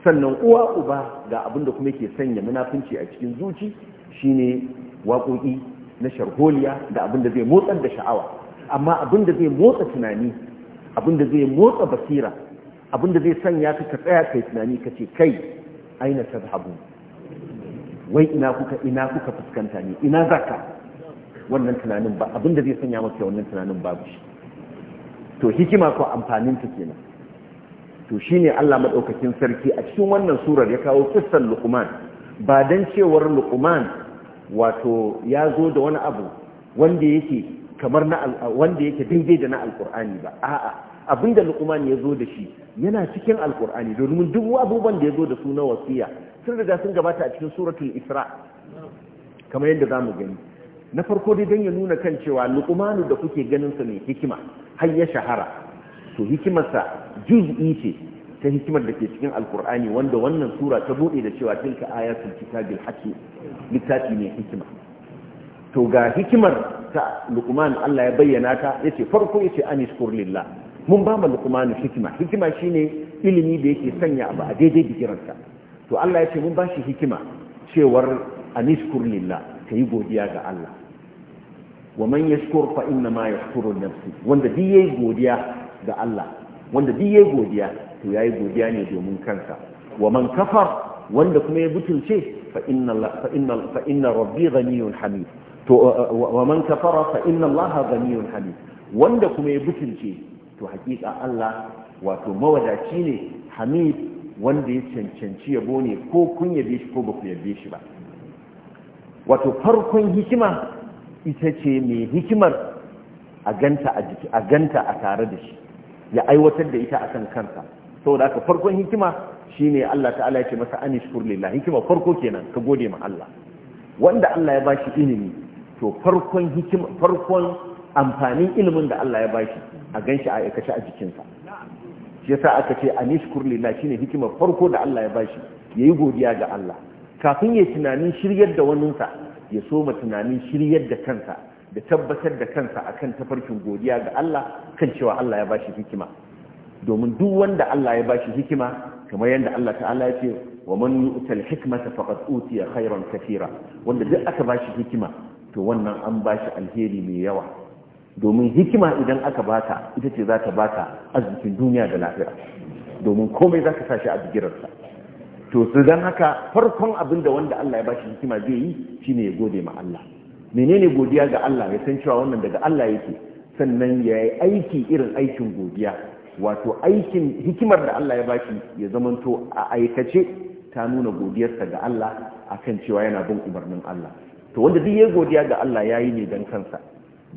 sannan uwa uba ga abin da kuma yake sanya munafunci a cikin zuci shine waƙoƙi na sharholiya da abin da zai motsar da sha'awa amma abin da zai motsa tunani abin da zai motsa basira abin da zai sanya ka ka tsaya kai tunani ka ce kai aina sabhabu wai ina kuka ina kuka fuskanta ne ina za ka wannan tunanin ba abin zai sanya maka wannan tunanin babu shi to hikima ko amfanin ta kenan to shine Allah madaukakin sarki a cikin wannan surar ya kawo kissan Luqman ba dan cewar Luqman wato ya zo da wani abu wanda yake kamar na wanda yake daidai da na alqur'ani ba a'a abinda Luqman ya zo da shi yana cikin alqur'ani domin duk abubuwan da ya zo da su na wasiya sun riga sun gabata a cikin suratul isra kamar yadda za mu gani na farko dai don ya nuna kan cewa lukumanu da kuke ganin sa mai hikima har ya shahara to hikimarsa juz'i ce ta hikimar da ke cikin alkur'ani wanda wannan sura ta buɗe da cewa tilka ci kitabil hakim littafi mai hikima to ga hikimar ta lukumanu Allah ya bayyana ta yace farko yace anis kurlillah mun ba ma lukumanu hikima hikima shine ilimi da yake sanya abu a daidai bikiransa to Allah ya ce mun bashi hikima cewar anishkur lillah kai godiya ga Allah wa man yashkur fa inna ma yashkuru nafsi wanda duk yayi godiya ga Allah wanda duk yayi godiya to yayi godiya ne domin kansa wa man kafar wanda kuma ya butulce fa inna fa inna fa inna rabbi ghaniyun hamid to uh, uh, wa man kafara fa inna Allah ghaniyun hamid wanda kuma ya butulce to hakika Allah wato mawadaci ne hamid wanda ya cancanci yabo ne ko kun yabe shi ko ba ku yabe shi ba wato farkon hikima ita ce mai hikimar a ganta a jiki a ganta a tare da shi ya aiwatar da ita akan kansa saboda haka farkon hikima shine Allah ta'ala ya ce masa anishkur lillah hikima farko kenan ka gode ma Allah wanda Allah ya bashi ilimi to farkon hikima farkon amfanin ilimin da Allah ya bashi a ganshi a aikace a jikinsa shi yasa aka ce lila shi ne hikimar farko da Allah ya bashi yi godiya ga Allah kafin ya tunanin shiryar da waninsa ya soma tunanin shiryar da kansa da tabbatar da kansa akan tafarkin godiya ga Allah kan cewa Allah ya bashi hikima domin duk wanda Allah ya bashi hikima kamar yadda Allah ta'ala ya ce wa man yu'tal hikmata faqad utiya khayran kathira wanda duk aka bashi hikima to wannan an bashi alheri mai yawa domin hikima idan aka bata ita ce za ta baka arzikin duniya da lafiya domin komai za ka sashi a bigirarsa to su don haka farkon abin da wanda Allah ya bashi hikima zai yi shine ya gode ma Allah menene godiya ga Allah ya san cewa wannan daga Allah yake sannan ya yi aiki irin aikin godiya wato aikin hikimar da Allah ya bashi ya zamanto a aikace ta nuna godiyarsa ga Allah akan cewa yana bin umarnin Allah to wanda duk ya godiya ga Allah yayi ne dan kansa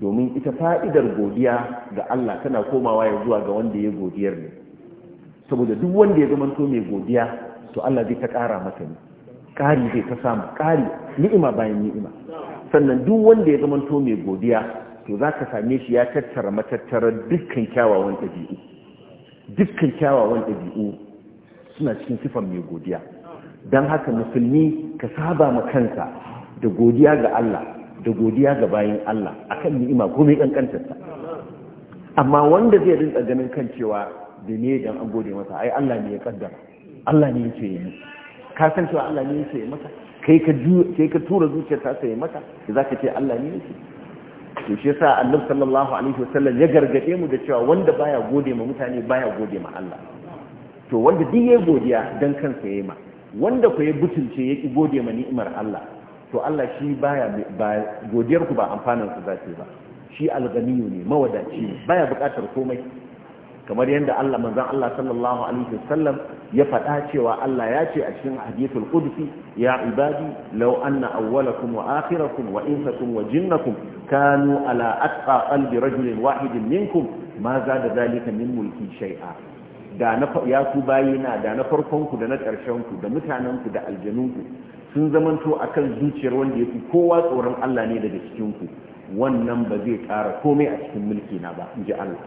domin ita fa'idar godiya ga Allah tana komawa ya zuwa ga wanda ya godiyar ne saboda duk wanda ya zama to mai godiya to Allah zai ta ƙara masa ne ƙari zai ta samu ƙari ni'ima bayan ni'ima sannan duk wanda ya zama mai godiya to za ka same shi ya tattara matattarar dukkan kyawawan ɗabi'u dukkan kyawawan ɗabi'u suna cikin sifan mai godiya don haka musulmi ka saba ma kanka da godiya ga Allah da godiya ga bayan Allah akan ni'ima ko mai ƙanƙantarsa amma wanda zai rinka ganin kan cewa da ne don an gode masa ai Allah ne ya kaddara Allah ne ya yi ka san cewa Allah ne ya ce kai ka kai ka tura zuciyarka ta yi za ka ce Allah ne ce? to shi yasa Allah sallallahu alaihi wasallam ya gargade mu da cewa wanda baya gode ma mutane baya gode ma Allah to wanda duk ya godiya dan kansa ya yi ma wanda ku ya butulce ya ki gode ma ni'imar Allah to Allah shi baya ba godiyar ku ba amfanin ku zai ba shi alganiyu ne mawadaci ne baya bukatar komai kamar yadda Allah manzon Allah sallallahu alaihi wasallam ya faɗa cewa Allah ya ce a cikin hadithul qudsi ya ibadi law anna awwalakum wa akhirakum wa insakum wa jinnakum kanu ala atqa qalbi rajulin wahidin minkum ma zada zalika min mulki shay'a da na ya ku bayina da na farkonku da na ƙarshenku da mutanenku da aljanunku sun zamanto a kan zuciyar wanda ya fi kowa tsoron Allah ne daga cikinku wannan ba zai ƙara komai a cikin mulki na ba in ji Allah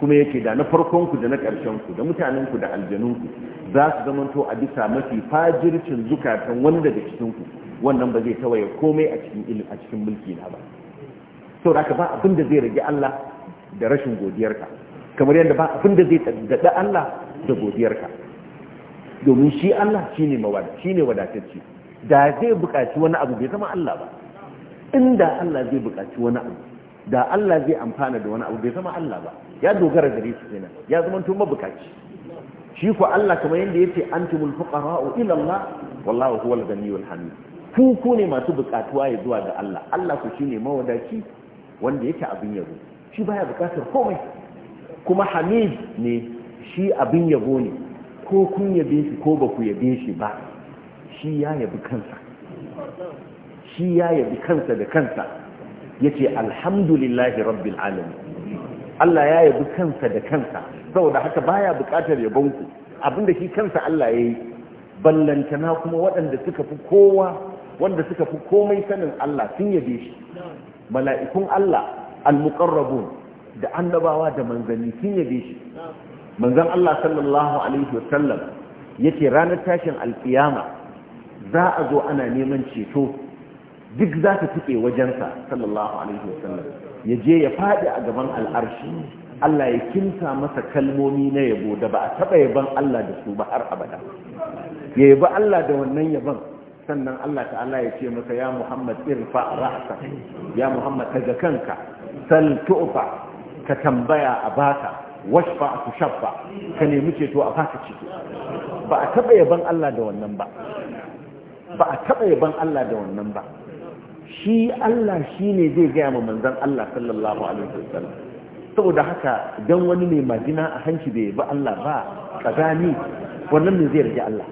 kuma yake da na farkonku da na ƙarshenku da mutanenku da aljanunku za su zamanto a bisa mafi fajircin zukatan wani daga cikinku wannan ba zai tawaye komai a cikin a cikin mulki na ba da haka ba abin da zai rage Allah da rashin godiyarka kamar yadda ba abin da zai daɗa Allah da godiyarka domin shi Allah shi ne mawada ne wadatacce da zai buƙaci wani abu bai zama Allah ba inda Allah zai buƙaci wani abu da Allah zai amfana da wani abu bai zama Allah ba ya dogara gare shi kenan ya zama tun mabukaci shi ko Allah kamar yanda yace antumul fuqara'u ila Allah wallahu al ghaniyyul hamid ku ku ne masu buƙatuwa ya zuwa ga Allah Allah ku shine mawadaci wanda yake abin yabo shi baya buƙatar komai kuma hamid ne shi abin yabo ne ko kun yabe shi ko ba ku yabe shi ba shi ya yabi kansa shi ya yabi kansa da kansa yace alhamdulillahi rabbil alamin Allah ya yabi kansa da kansa saboda haka baya bukatar yabonku abinda shi kansa Allah yayi ballantana kuma waɗanda suka fi kowa wanda suka fi komai sanin Allah sun yabe shi mala'ikun Allah al da annabawa da manzanni sun yabe shi manzon Allah sallallahu alaihi wasallam yace ranar tashin alkiyama za a zo ana neman ceto duk za ta tuke wajensa sallallahu alaihi wasallam ya je ya faɗi a gaban al'arshi Allah ya kinta masa kalmomi na yabo da ba a taɓa yaban Allah da su ba har abada ya yabi Allah da wannan yaban sannan Allah ta'ala ya ce masa ya Muhammad irfa ra'sa ya Muhammad daga kanka sal tu'fa ka tambaya a baka washfa ku shaffa ka nemi ceto a baka ciki ba a taɓa yaban Allah da wannan ba ba a taɓa yaban Allah da wannan ba shi Allah shi ne zai gaya ma manzan Allah sallallahu alaihi wasallam saboda haka don wani mai majina a hanci bai ba Allah ba kazani wannan ne zai rage Allah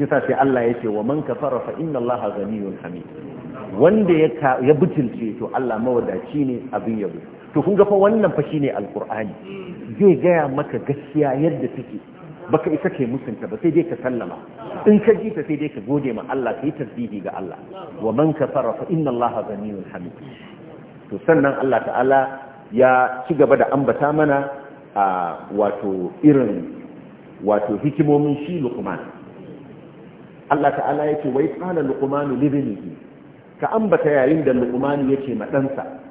yasa sai Allah ya ce wa man kafara fa inna Allah ghaniyun hamid wanda ya ya butulce to Allah mawadaci ne abin yabo to kun ga fa wannan fa ne alqur'ani zai gaya maka gaskiya yadda take baka isa kai musunta ba sai dai ka sallama in ka ji ta sai dai ka gode ma Allah kai tasbihi ga Allah wa man kafara fa inna Allah ghaniyyun hamid to sannan Allah ta'ala ya ci gaba da ambata mana a wato irin wato hikimomin shi Luqman Allah ta'ala yake wai qala Luqman li ka ambata yayin da Luqman yake ma ɗansa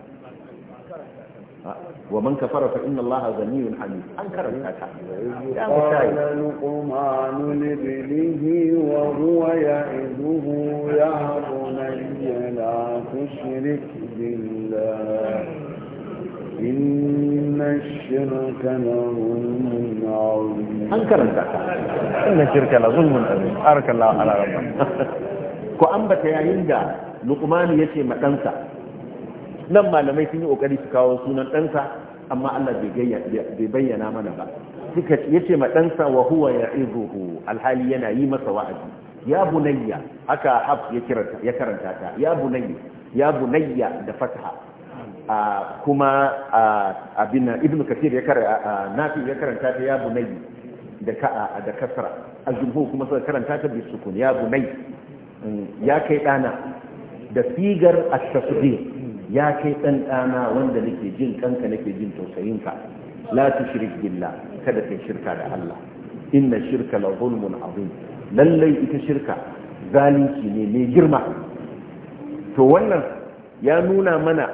wa man kafara fa inna allaha ghaniyyun hamid an karanta ta ya mutane luqman libihi wa huwa ya'iduhu ya bunayya la tushrik billah إن الشرك لظلم ko an bata yayin da lukmanu ya ce ma nan malamai sun yi ƙoƙari su kawo sunan ɗansa amma Allah bai bayyana mana ba suka ce ma ɗansa wa huwa ya'izuhu alhali yana yi masa wa'azi ya bunayya haka haf ya karanta ta ya bunayya ya bunayya da fatha kuma abin ibn kathir ya karanta nafi ya karanta ta ya bunayya da ka da kasra al-jumhur kuma suka karanta ta bi sukun ya bunayya ya kai dana da sigar at-tasghir ya kai dan dana wanda nake jin kanka nake jin tausayin ka la tushrik billah kada kai shirka da Allah inna shirka la zulmun azim lallai ita shirka zalunci ne mai girma to wannan ya nuna mana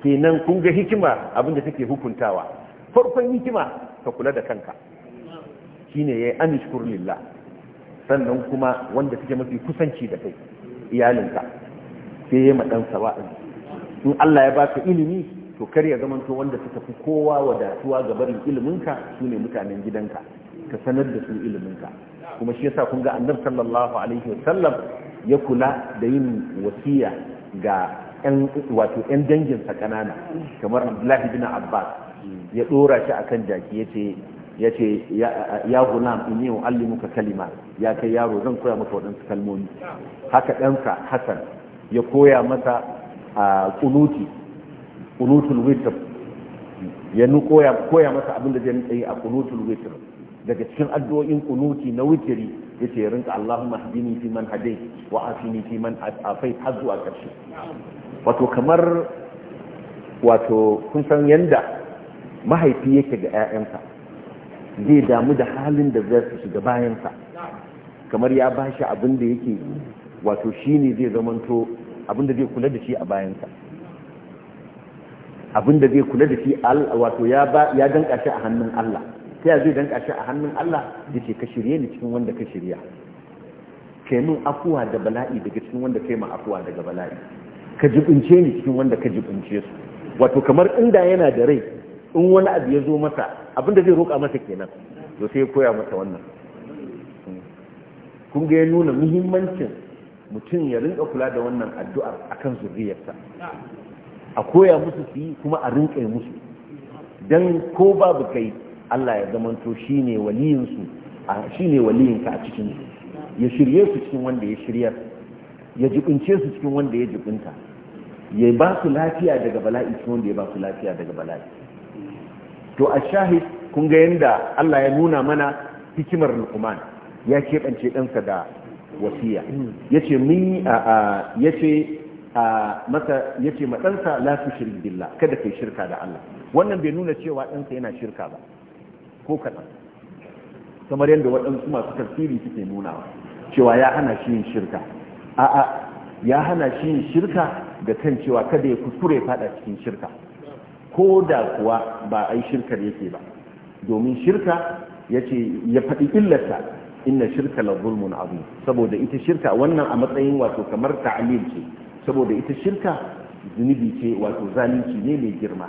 kenan kun ga hikima abinda take hukuntawa farkon hikima ka kula da kanka shine yayi anishkur lillah sannan kuma wanda take mafi kusanci da kai iyalinka sai yayi madan sawa'i in Allah ya baka ilimi to kar ya zamanto wanda suka fi kowa wadatuwa ga barin iliminka su ne mutanen gidanka ka sanar da su iliminka kuma shi yasa kun ga annabi sallallahu alaihi wasallam ya kula da yin wasiya ga ɗan wato yan dangin sa kanana kamar Abdullahi bin Abbas ya dora shi akan jaki yace yace ya gulam in yi muka kalima ya kai yaro zan koya maka waɗansu kalmomi haka ɗanka Hassan ya koya masa a kunuti kunutul witr ya nu koya koya masa abin da zai yi a kunutul witr daga cikin addu'o'in kunuti na witri yace ya rinka Allahumma hadini fi man hadai wa afini fi man afai har zuwa ƙarshe wato kamar wato kun san yanda mahaifi yake ga ƴaƴansa zai damu da halin da zai su shiga bayansa kamar ya bashi abin da yake wato shi ne zai zamanto Abinda zai kula da shi a bayansa abinda zai kula da shi wato ya danka shi a hannun Allah ta ya zai danka shi a hannun Allah da ce ka shirye ni cikin wanda ka shirya kai min afuwa da bala'i daga cikin wanda yi ma afuwa daga bala'i ka jibince ni cikin wanda ka jibince su wato kamar inda yana da rai in wani abu ya zo masa abinda zai roƙa masa kenan to sai ya koya masa wannan hmm. kun ga ya nuna muhimmancin mutum ya rinka kula da wannan addu'ar akan zuriyarsa a koya musu su yi kuma a rinka musu don ko babu kai Allah ya zamanto shi ne waliyinka a cikin ya shirye su cikin wanda ya shiryar ya jibince su cikin wanda ya jibinta ya ba su lafiya daga bala'i cikin wanda ya ba su lafiya daga bala'i to a shahid kun ga yadda Allah ya nuna mana hikimar lukuman ya keɓance ɗansa da wasiya yace mun yace masa yace ma ɗansa la tushrik billah kada kai shirka da Allah wannan bai nuna cewa ɗansa yana shirka ba ko kaɗan kamar yadda waɗansu masu tafsiri suke nunawa cewa ya hana shi yin shirka a'a ya hana shi yin shirka da kan cewa kada ya kuskure fada cikin shirka ko da kuwa ba a yi shirkar yake ba domin shirka yace ya faɗi illata inna shirka la zulmun azim saboda ita shirka wannan a matsayin wato kamar ta'lil ce saboda ita shirka zunubi ce wato zalunci ne mai girma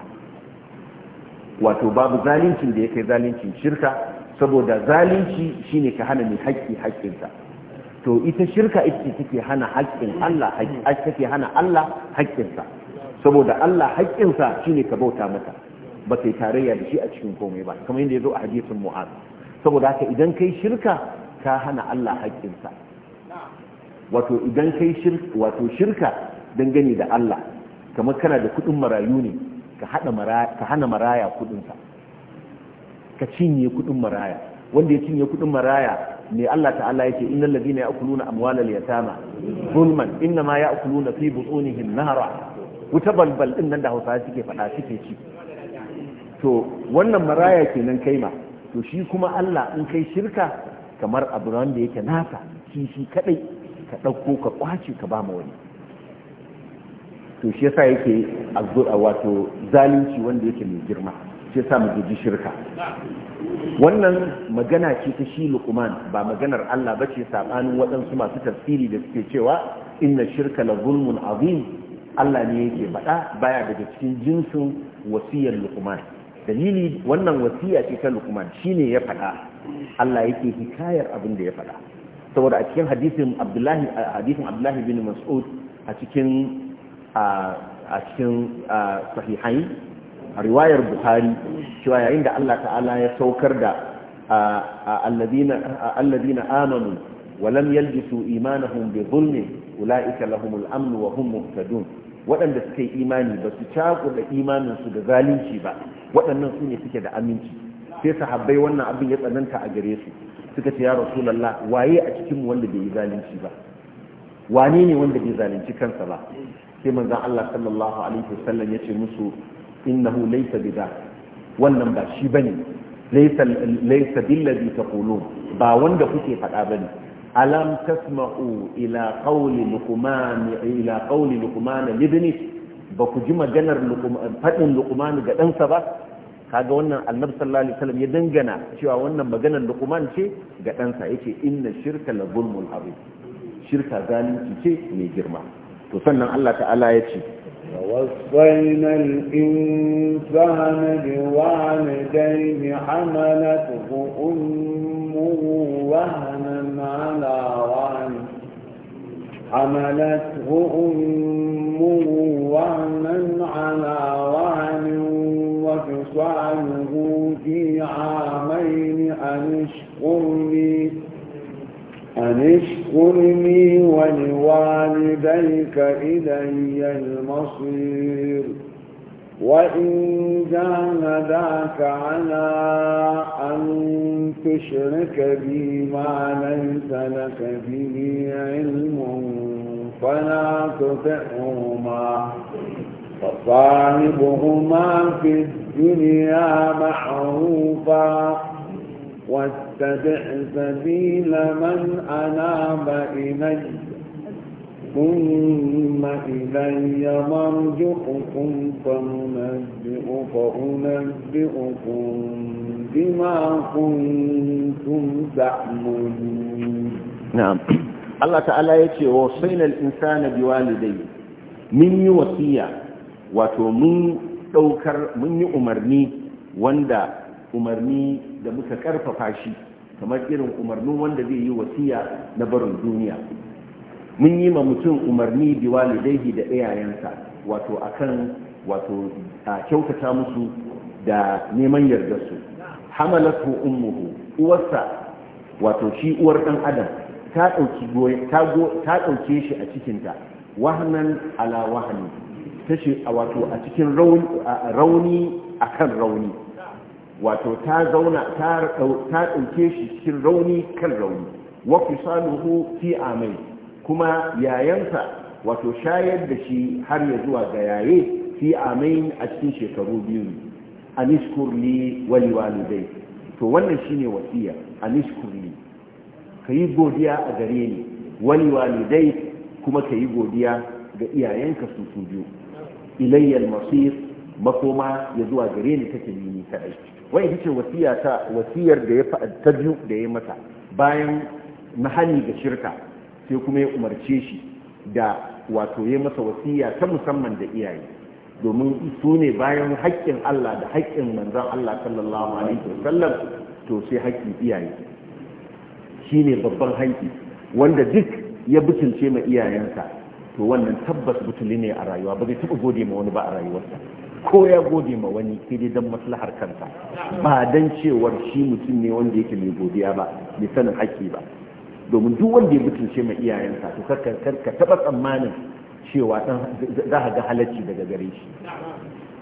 wato babu zaluncin da ya kai zaluncin shirka saboda zalunci shine ka hana mai haƙƙi haƙƙinsa to ita shirka ita take hana haƙƙin Allah haƙƙi take hana Allah haƙƙinsa saboda Allah haƙƙinsa shine ka bauta mata ba kai tarayya da shi a cikin komai ba kamar yadda ya zo a hadisin mu'az saboda haka idan kai shirka ka hana Allah haƙƙinsa wato idan kai shirka wato shirka dangane da Allah kamar kana da kudin marayu ne ka hana maraya kudinsa ka cinye kudin maraya wanda ya cinye kuɗin maraya ne Allah ta'ala yake innal ladina ya'kuluna amwalal yatama zulman innama ya'kuluna fi butunihim nara wuta balbal din nan da Hausa suke faɗa suke ci to wannan maraya kenan kaima to shi kuma Allah in kai shirka kamar abu wanda yake nasa shi shi kadai ka ɗauko ka kwace ka ba wani to shi yasa yake a wato zalunci wanda yake mai girma shi yasa mu guji shirka wannan magana ce ta shi luqman ba maganar Allah ba ce sabanin waɗansu masu tafsiri da suke cewa inna shirka la zulmun azim Allah ne yake faɗa baya daga cikin jinsin wasiyar luqman dalili wannan wasiya ce ta luqman shine ya faɗa Allah yake hikayar abin da ya faɗa saboda a cikin hadisin Abdullahi hadisin Abdullahi bin Mas'ud a cikin a cikin riwayar Buhari cewa yayin da Allah ta'ala ya saukar da alladhina alladhina amanu wa lam yalbisu imanahum bi dhulmin ulaika lahumul amn wa hum muhtadun waɗanda suka yi imani ba su cakuɗa imaninsu da zalunci ba waɗannan su ne suke da aminci sai sahabbai wannan abin ya tsananta a gare su suka ce ya rasulullah waye a cikin mu wanda bai yi zalunci ba wane ne wanda bai zalunci kansa ba sai manzon Allah sallallahu alaihi wasallam ya ce musu innahu laysa bida wannan ba shi bane laysa laysa billadhi taqulun ba wanda kuke faɗa bane alam tasma'u ila qawli luqman ila qawli luqman libni ba ku ji maganar faɗin luqman ga ɗansa ba kaga wannan annab sallallahu alaihi wasallam ya dangana cewa wannan maganar luqman ce ga ɗansa yace inna shirka la zulmul azim shirka zalunci ce mai girma to sannan Allah ta'ala ya ce ووصينا الإنسان بوالديه حملته أمه وهنا على وهن حملته أمه وهنا على وهن وفصاله في عامين أن اشكر لي أن لي ولوالديك إلي المصير وإن جاهداك على أن تشرك بي ما ليس لك به علم فلا تطعهما فصاحبهما في الدنيا الدنيا معروفا واتبع سبيل من أناب إلي ثم إلي مرجعكم فننبئ فأنبئكم بما كنتم تعملون نعم الله تعالى يتي وصينا الإنسان بوالديه من يوصيه wato mun daukar mun yi umarni wanda umarni da muka karfafa shi kamar irin umarnin wanda zai yi wasiya na barin duniya mun yi ma mutum umarni bi walidaihi da iyayensa wato akan wato a kyautata musu da neman yardarsu hamalatu ummuhu uwarsa wato shi uwar ɗan adam ta ɗauke shi a cikinta wahanan ala wahani ta a wato a cikin rauni a kan rauni wato ta zauna ta ɗauke shi cikin rauni kan rauni wafi saluhu fi amai kuma yayansa wato shayar da shi har ya zuwa ga yaye fi amai a cikin shekaru biyu a niskurli wali walidai to wannan shine wasiya a niskurli ka yi godiya a gare ni wali walidai kuma ka yi godiya ga iyayenka su su biyu ilayyal masir makoma ya zuwa gare ni take ni kadai wai kice wasiya ta wasiyar da ya ta biyu da ya mata bayan mahani ga shirka sai kuma ya umarce shi da wato ya masa wasiya ta musamman da iyaye domin su ne bayan haƙƙin Allah da haƙƙin manzon Allah sallallahu alaihi wasallam to sai haƙƙin iyaye shine babban haƙƙi wanda duk ya bukince ma iyayensa to wannan tabbas butuli ne a rayuwa ba zai taɓa gode ma wani ba a rayuwarsa ko ya gode ma wani sai dai don maslahar kansa ba dan cewar shi mutum ne wanda yake mai godiya ba mai sanin haƙƙi ba domin duk wanda ya butulce ma iyayensa to ka taɓa tsammanin cewa za ka ga halacci daga gare shi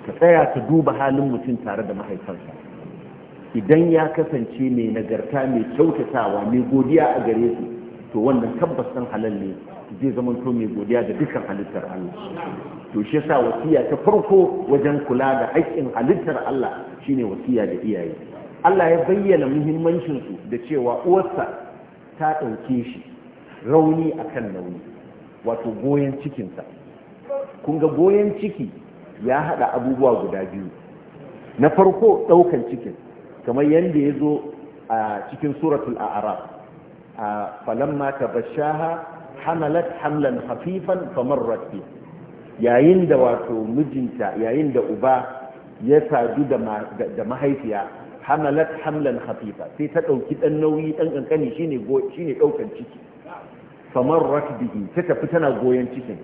ka tsaya ka duba halin mutum tare da mahaifansa idan ya kasance mai nagarta mai kyautatawa mai godiya a gare su to wannan tabbas ɗan halal ne zai zama to mai godiya da dukkan halittar Allah to shi yasa wasiya ta farko wajen kula da haƙƙin halittar Allah shine wasiya da iyaye Allah ya bayyana muhimmancinsu da cewa uwarsa ta ɗauke shi rauni akan nauyi wato goyon cikinsa kun ga goyen ciki ya haɗa abubuwa guda biyu na farko ɗaukan cikin kamar yadda ya zo a cikin suratul a'araf a falamma ta bashaha hamalat hamlan hafifan famarrat bi yayin da wato mijinta yayin da uba ya sadu da mahaifiya hamalat hamlan hafifa sai ta ɗauki ɗan nauyi ɗan kankani shine ɗaukan ciki famarrat bihi ta tafi tana goyon cikin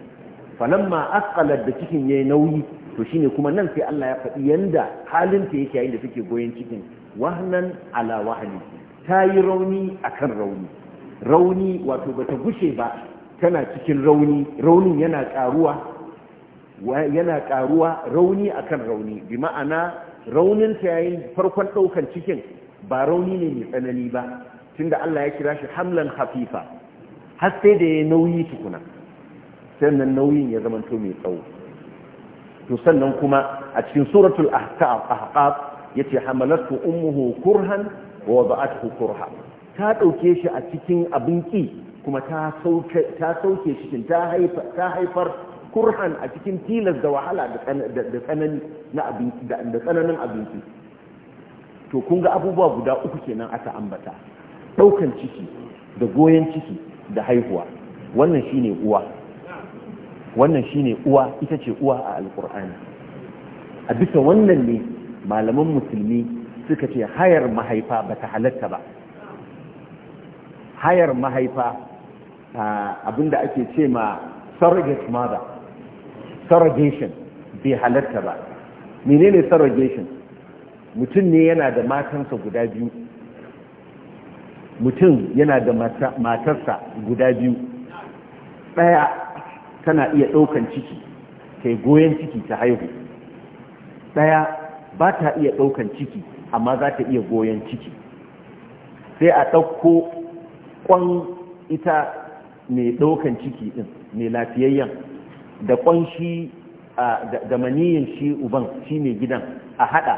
falamma asqalat da cikin yayi nauyi to shine kuma nan sai Allah ya faɗi yanda halin ta yake yayin da take goyon cikin wahnan ala wahni ta yi rauni akan rauni rauni wato bata gushe ba tana cikin rauni raunin yana karuwa yana karuwa rauni akan rauni bi ma'ana raunin ta yayin farkon daukan cikin ba rauni ne mai tsanani ba tunda Allah ya kira shi hamlan hafifa har sai da ya nauyi tukuna sannan nauyin ya zama to mai tsawo to sannan kuma a cikin suratul ahqaf yace hamalatu ummuhu kurhan wa wada'athu kurha ta dauke shi a cikin abin ki kuma ta sauke cikin ta haifar kurhan a cikin tilas da wahala da tsananin abinci to kun ga abubuwa guda uku kenan aka ambata ɗaukan ciki da goyon ciki da haihuwa wannan shine uwa wannan shine uwa ita ce uwa a alkur'ani a bisa wannan ne malaman musulmi suka ce hayar mahaifa ba ta halatta ba hayar mahaifa abinda ake ce ma surrogate mother surrogation bai halarta ba menene surrogation mutum ne yana da matansa guda biyu mutum yana da matarsa guda biyu ɗaya tana iya ɗaukan ciki ta goyon ciki ta haihu ɗaya ba ta iya ɗaukan ciki amma za ta iya goyon ciki sai a ɗauko ƙwan ita mai ɗaukan ciki ɗin mai lafiyayyen da ƙwanshi da maniyin shi uban shi mai gidan a haɗa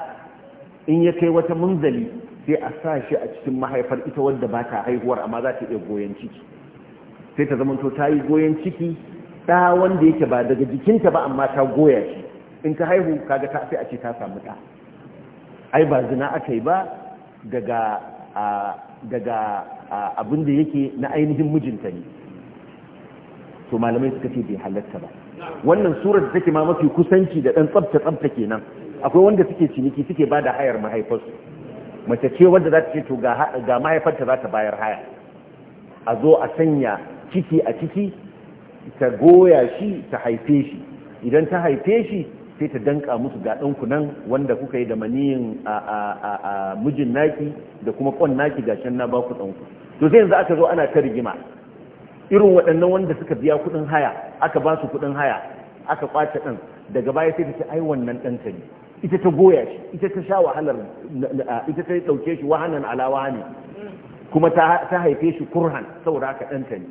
in ya kai wata munzali sai a sa shi a cikin mahaifar ita wadda ba ta haihuwar amma za ta iya goyon ciki sai ta zama ta yi goyon ciki ɗa wanda yake ba daga jikinta ba amma ta goya shi in ta haihu kaga ta sai a ce ta samu ɗa ai ba zina aka yi ba daga daga abin da yake na ainihin mijinta ne to malamai suka ce bai halatta ba wannan surar da take ma mafi kusanci da dan tsabta tsabta kenan akwai wanda suke ciniki suke ba da hayar mahaifarsu mace ce wanda za ta ce to ga mahaifarta za ta bayar haya a zo a sanya ciki a ciki ta goya shi ta haife shi idan ta haife shi sai ta danka musu ga ku nan wanda kuka yi da maniyin a mijin naki da kuma ƙwan naki gashin na baku ɗanku to sai yanzu aka zo ana ta rigima irin waɗannan wanda suka biya kuɗin haya aka ba su kuɗin haya aka kwace ɗan daga baya sai ta ce ai wannan ɗan ta ne ita ta goya shi ita ta sha wahalar ita ta ɗauke shi wahanan alawa ne kuma ta haife shi kurhan saboda aka ɗan ta ne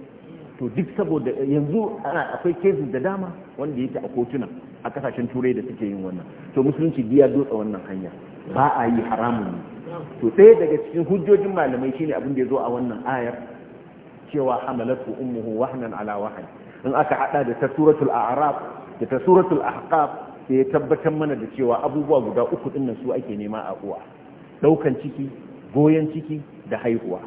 to duk saboda yanzu akwai kezin da dama wanda yake a kotuna a kasashen turai da suke yin wannan to musulunci biya dotsa wannan hanya ba a yi haramun ne to ɗaya daga cikin hujjojin malamai shine abin da ya zo a wannan ayar cewa hamalatu ummuhu wahnan ala wahn in aka hada da ta suratul a'raf da ta suratul ahqaf sai ya tabbatar mana da cewa abubuwa guda uku din nan su ake nema a uwa daukan ciki goyen ciki da haihuwa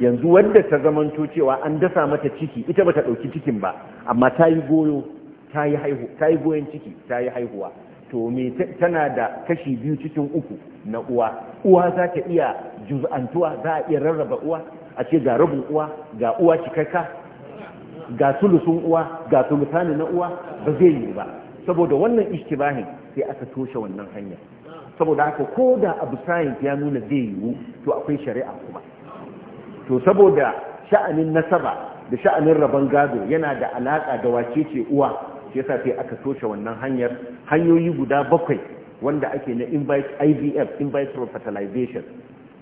yanzu wanda ta zamanto cewa an dasa mata ciki ita bata dauki cikin ba amma ta yi goyo ta yi haihu ta yi goyen ciki ta yi haihuwa to me tana da kashi biyu cikin uku na uwa uwa za ta iya juz'antuwa za a iya rarraba uwa a ce ga rabin uwa ga uwa cikakka ga sulusun uwa ga sulutani na uwa ba zai yi ba saboda wannan ishtibahin sai aka toshe wannan hanyar saboda haka ko da abu science ya nuna zai yiwu to akwai shari'a kuma to saboda sha'anin nasaba da sha'anin rabon gado yana da alaka da wace ce uwa shi yasa sai aka toshe wannan hanyar hanyoyi guda bakwai wanda ake na IVF in vitro fertilization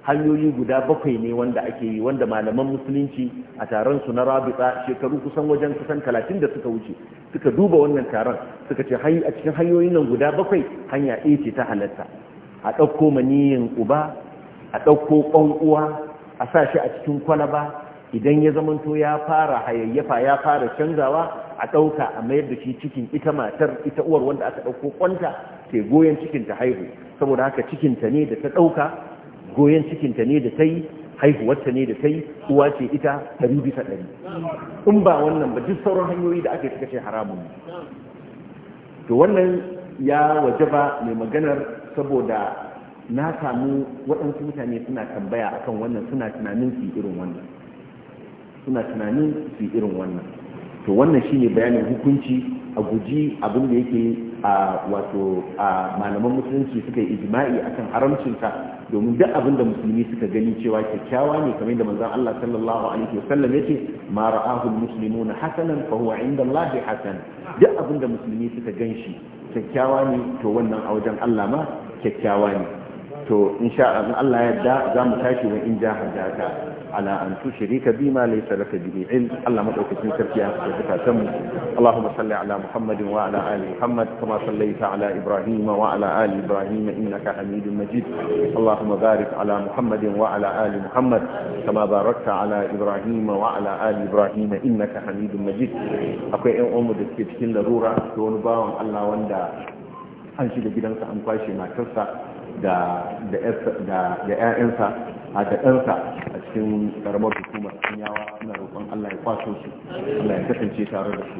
hanyoyi guda bakwai ne wanda ake yi wanda malaman musulunci a taron su na rabita shekaru kusan wajen kusan talatin da suka wuce suka duba wannan taron suka ce a cikin hanyoyin nan guda bakwai hanya ɗaya ce ta halatta a ɗauko maniyin uba a ɗauko ƙwan uwa a sa shi a cikin kwalaba idan ya zamanto ya fara hayayyafa ya fara canzawa a ɗauka a mayar da shi cikin ita matar ita uwar wanda aka ɗauko ƙwanta ke goyon cikin ta haihu saboda haka cikinta ne da ta ɗauka goyon cikinta ne da ta yi haihuwarta ne da ta yi uwa ce ita ɗari bisa ɗari in ba wannan ba duk sauran hanyoyi da aka yi suka ce haramun to wannan ya waje ba mai maganar saboda na samu waɗansu mutane suna tambaya akan wannan suna tunanin su irin wannan suna tunanin su irin wannan to wannan shine bayanin hukunci a guji abin da yake a wato a malaman musulunci suka yi ijma'i akan haramcinta domin duk abin da musulmi suka gani cewa kyakkyawa ne kamar da manzon Allah sallallahu alaihi wasallam yace ma ra'ahu almuslimuna hasanan fa huwa inda hasan duk abin da musulmi suka ganshi kyakkyawa ne to wannan a wajen Allah ma kyakkyawa ne to insha Allah Allah ya yarda za mu tashi wa in jahadaka على أن تشرك بما ليس لك به علم الله مدعوك في سركيا وتكاتم اللهم صل على محمد وعلى آل محمد كما صليت على إبراهيم وعلى آل إبراهيم إنك حميد مجيد اللهم بارك على محمد وعلى آل محمد كما باركت على إبراهيم وعلى آل إبراهيم إنك حميد مجيد أقول أن أمد كتكين لرورة دون باون الله وندا an shiga gidansa an kwashe matarsa da 'ya'yansa a da ɗansa a cikin ƙaramar hukumar yawa suna roƙon Allah ya kwato su Allah ya kasance tare da su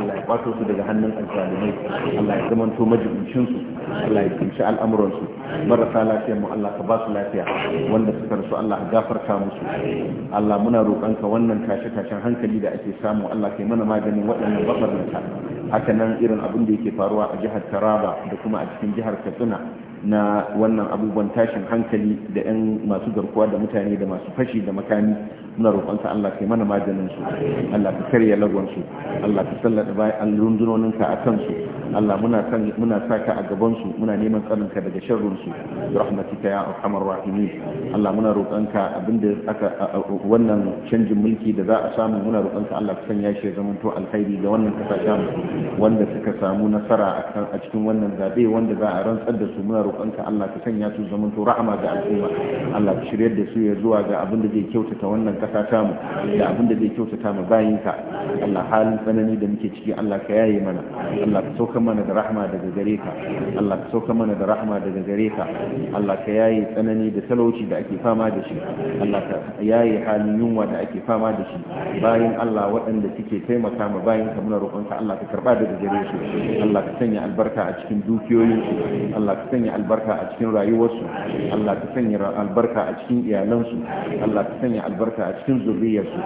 Allah ya kwato su daga hannun alzalimai Allah ya to majibincin su Allah ya kinci al'amuran su marasa lafiya mu Allah ka ba su lafiya wanda suka rasu Allah gafarta musu Allah muna roƙon ka wannan tashe tashen hankali da ake samu Allah kai mana maganin waɗannan babarnata haka nan irin abin da yake faruwa a jihar Taraba da kuma a cikin jihar Katsina na wannan abubuwan tashin hankali da 'yan masu garkuwa da mutane da masu fashi da makami muna roƙonsa Allah kai mana maganin su Allah ka karya lagwansu Allah ka sallada bayan rundunonin ka a kan su Allah muna sa ka saka a gaban su muna neman tsarin ka daga sharrin su rahmatika ya alhamar rahimi Allah muna roƙonka abinda aka wannan canjin mulki da za a samu muna roƙonka Allah ka sanya shi zaman to alkhairi ga wannan kasashen wanda suka samu nasara a cikin wannan zabe wanda za a rantsar da su muna roƙonka Allah ka sanya su zaman to rahama ga al'umma Allah ka shiryar da su ya zuwa ga abin da zai kyautata wannan ƙasa ta mu da abin da zai kyautata mu bayinka Allah halin tsanani da muke ciki Allah ka yaye mana Allah ka sauka mana da rahama daga gare ka Allah ka sauka mana da rahama daga gare ka Allah ka yaye tsanani da talauci da ake fama da shi Allah ka yaye halin yunwa da ake fama da shi Bayin Allah waɗanda suke taimaka ma bayin ka muna roƙonka Allah ka karba daga gare su Allah ka sanya albarka a cikin dukiyoyin Allah ka sanya albarka a cikin rayuwarsu Allah ta sanya albarka a cikin iyalansu Allah ta sanya albarka a cikin zurriyarsu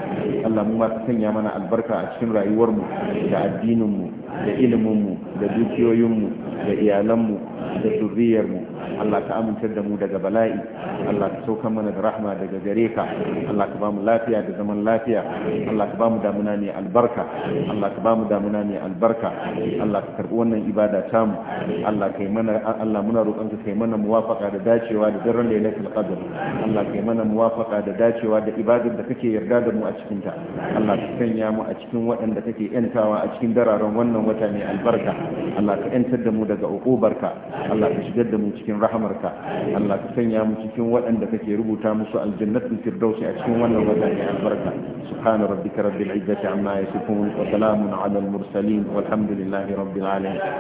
Allah mu ma ta sanya mana albarka a cikin rayuwarmu da addininmu da iliminmu da dukiyoyinmu da iyalanmu da zurriyarmu Allah ta amintar da mu daga bala'i Allah ta sauka mana da rahma daga gare ka Allah ka mu lafiya da zaman lafiya Allah ka mu damuna ne albarka Allah ka mu damuna ne albarka Allah ka karbi wannan ibada tamu Allah kai mana Allah muna roƙon wanda kai mana muwafaka da dacewa da daren lailatul qadr Allah kai mana muwafaka da dacewa da ibadar da kake yarda da mu a cikin ta Allah ka sanya mu a cikin waɗanda kake yantawa a cikin dararen wannan wata mai albarka Allah ka yantar da mu daga uqubarka Allah ka shigar da mu cikin rahamarka Allah ka sanya mu cikin waɗanda kake rubuta musu aljannatul firdausi a cikin wannan wata mai albarka subhana rabbika rabbil izzati amma yasifun wa salamun ala mursalin والحمد لله رب العالمين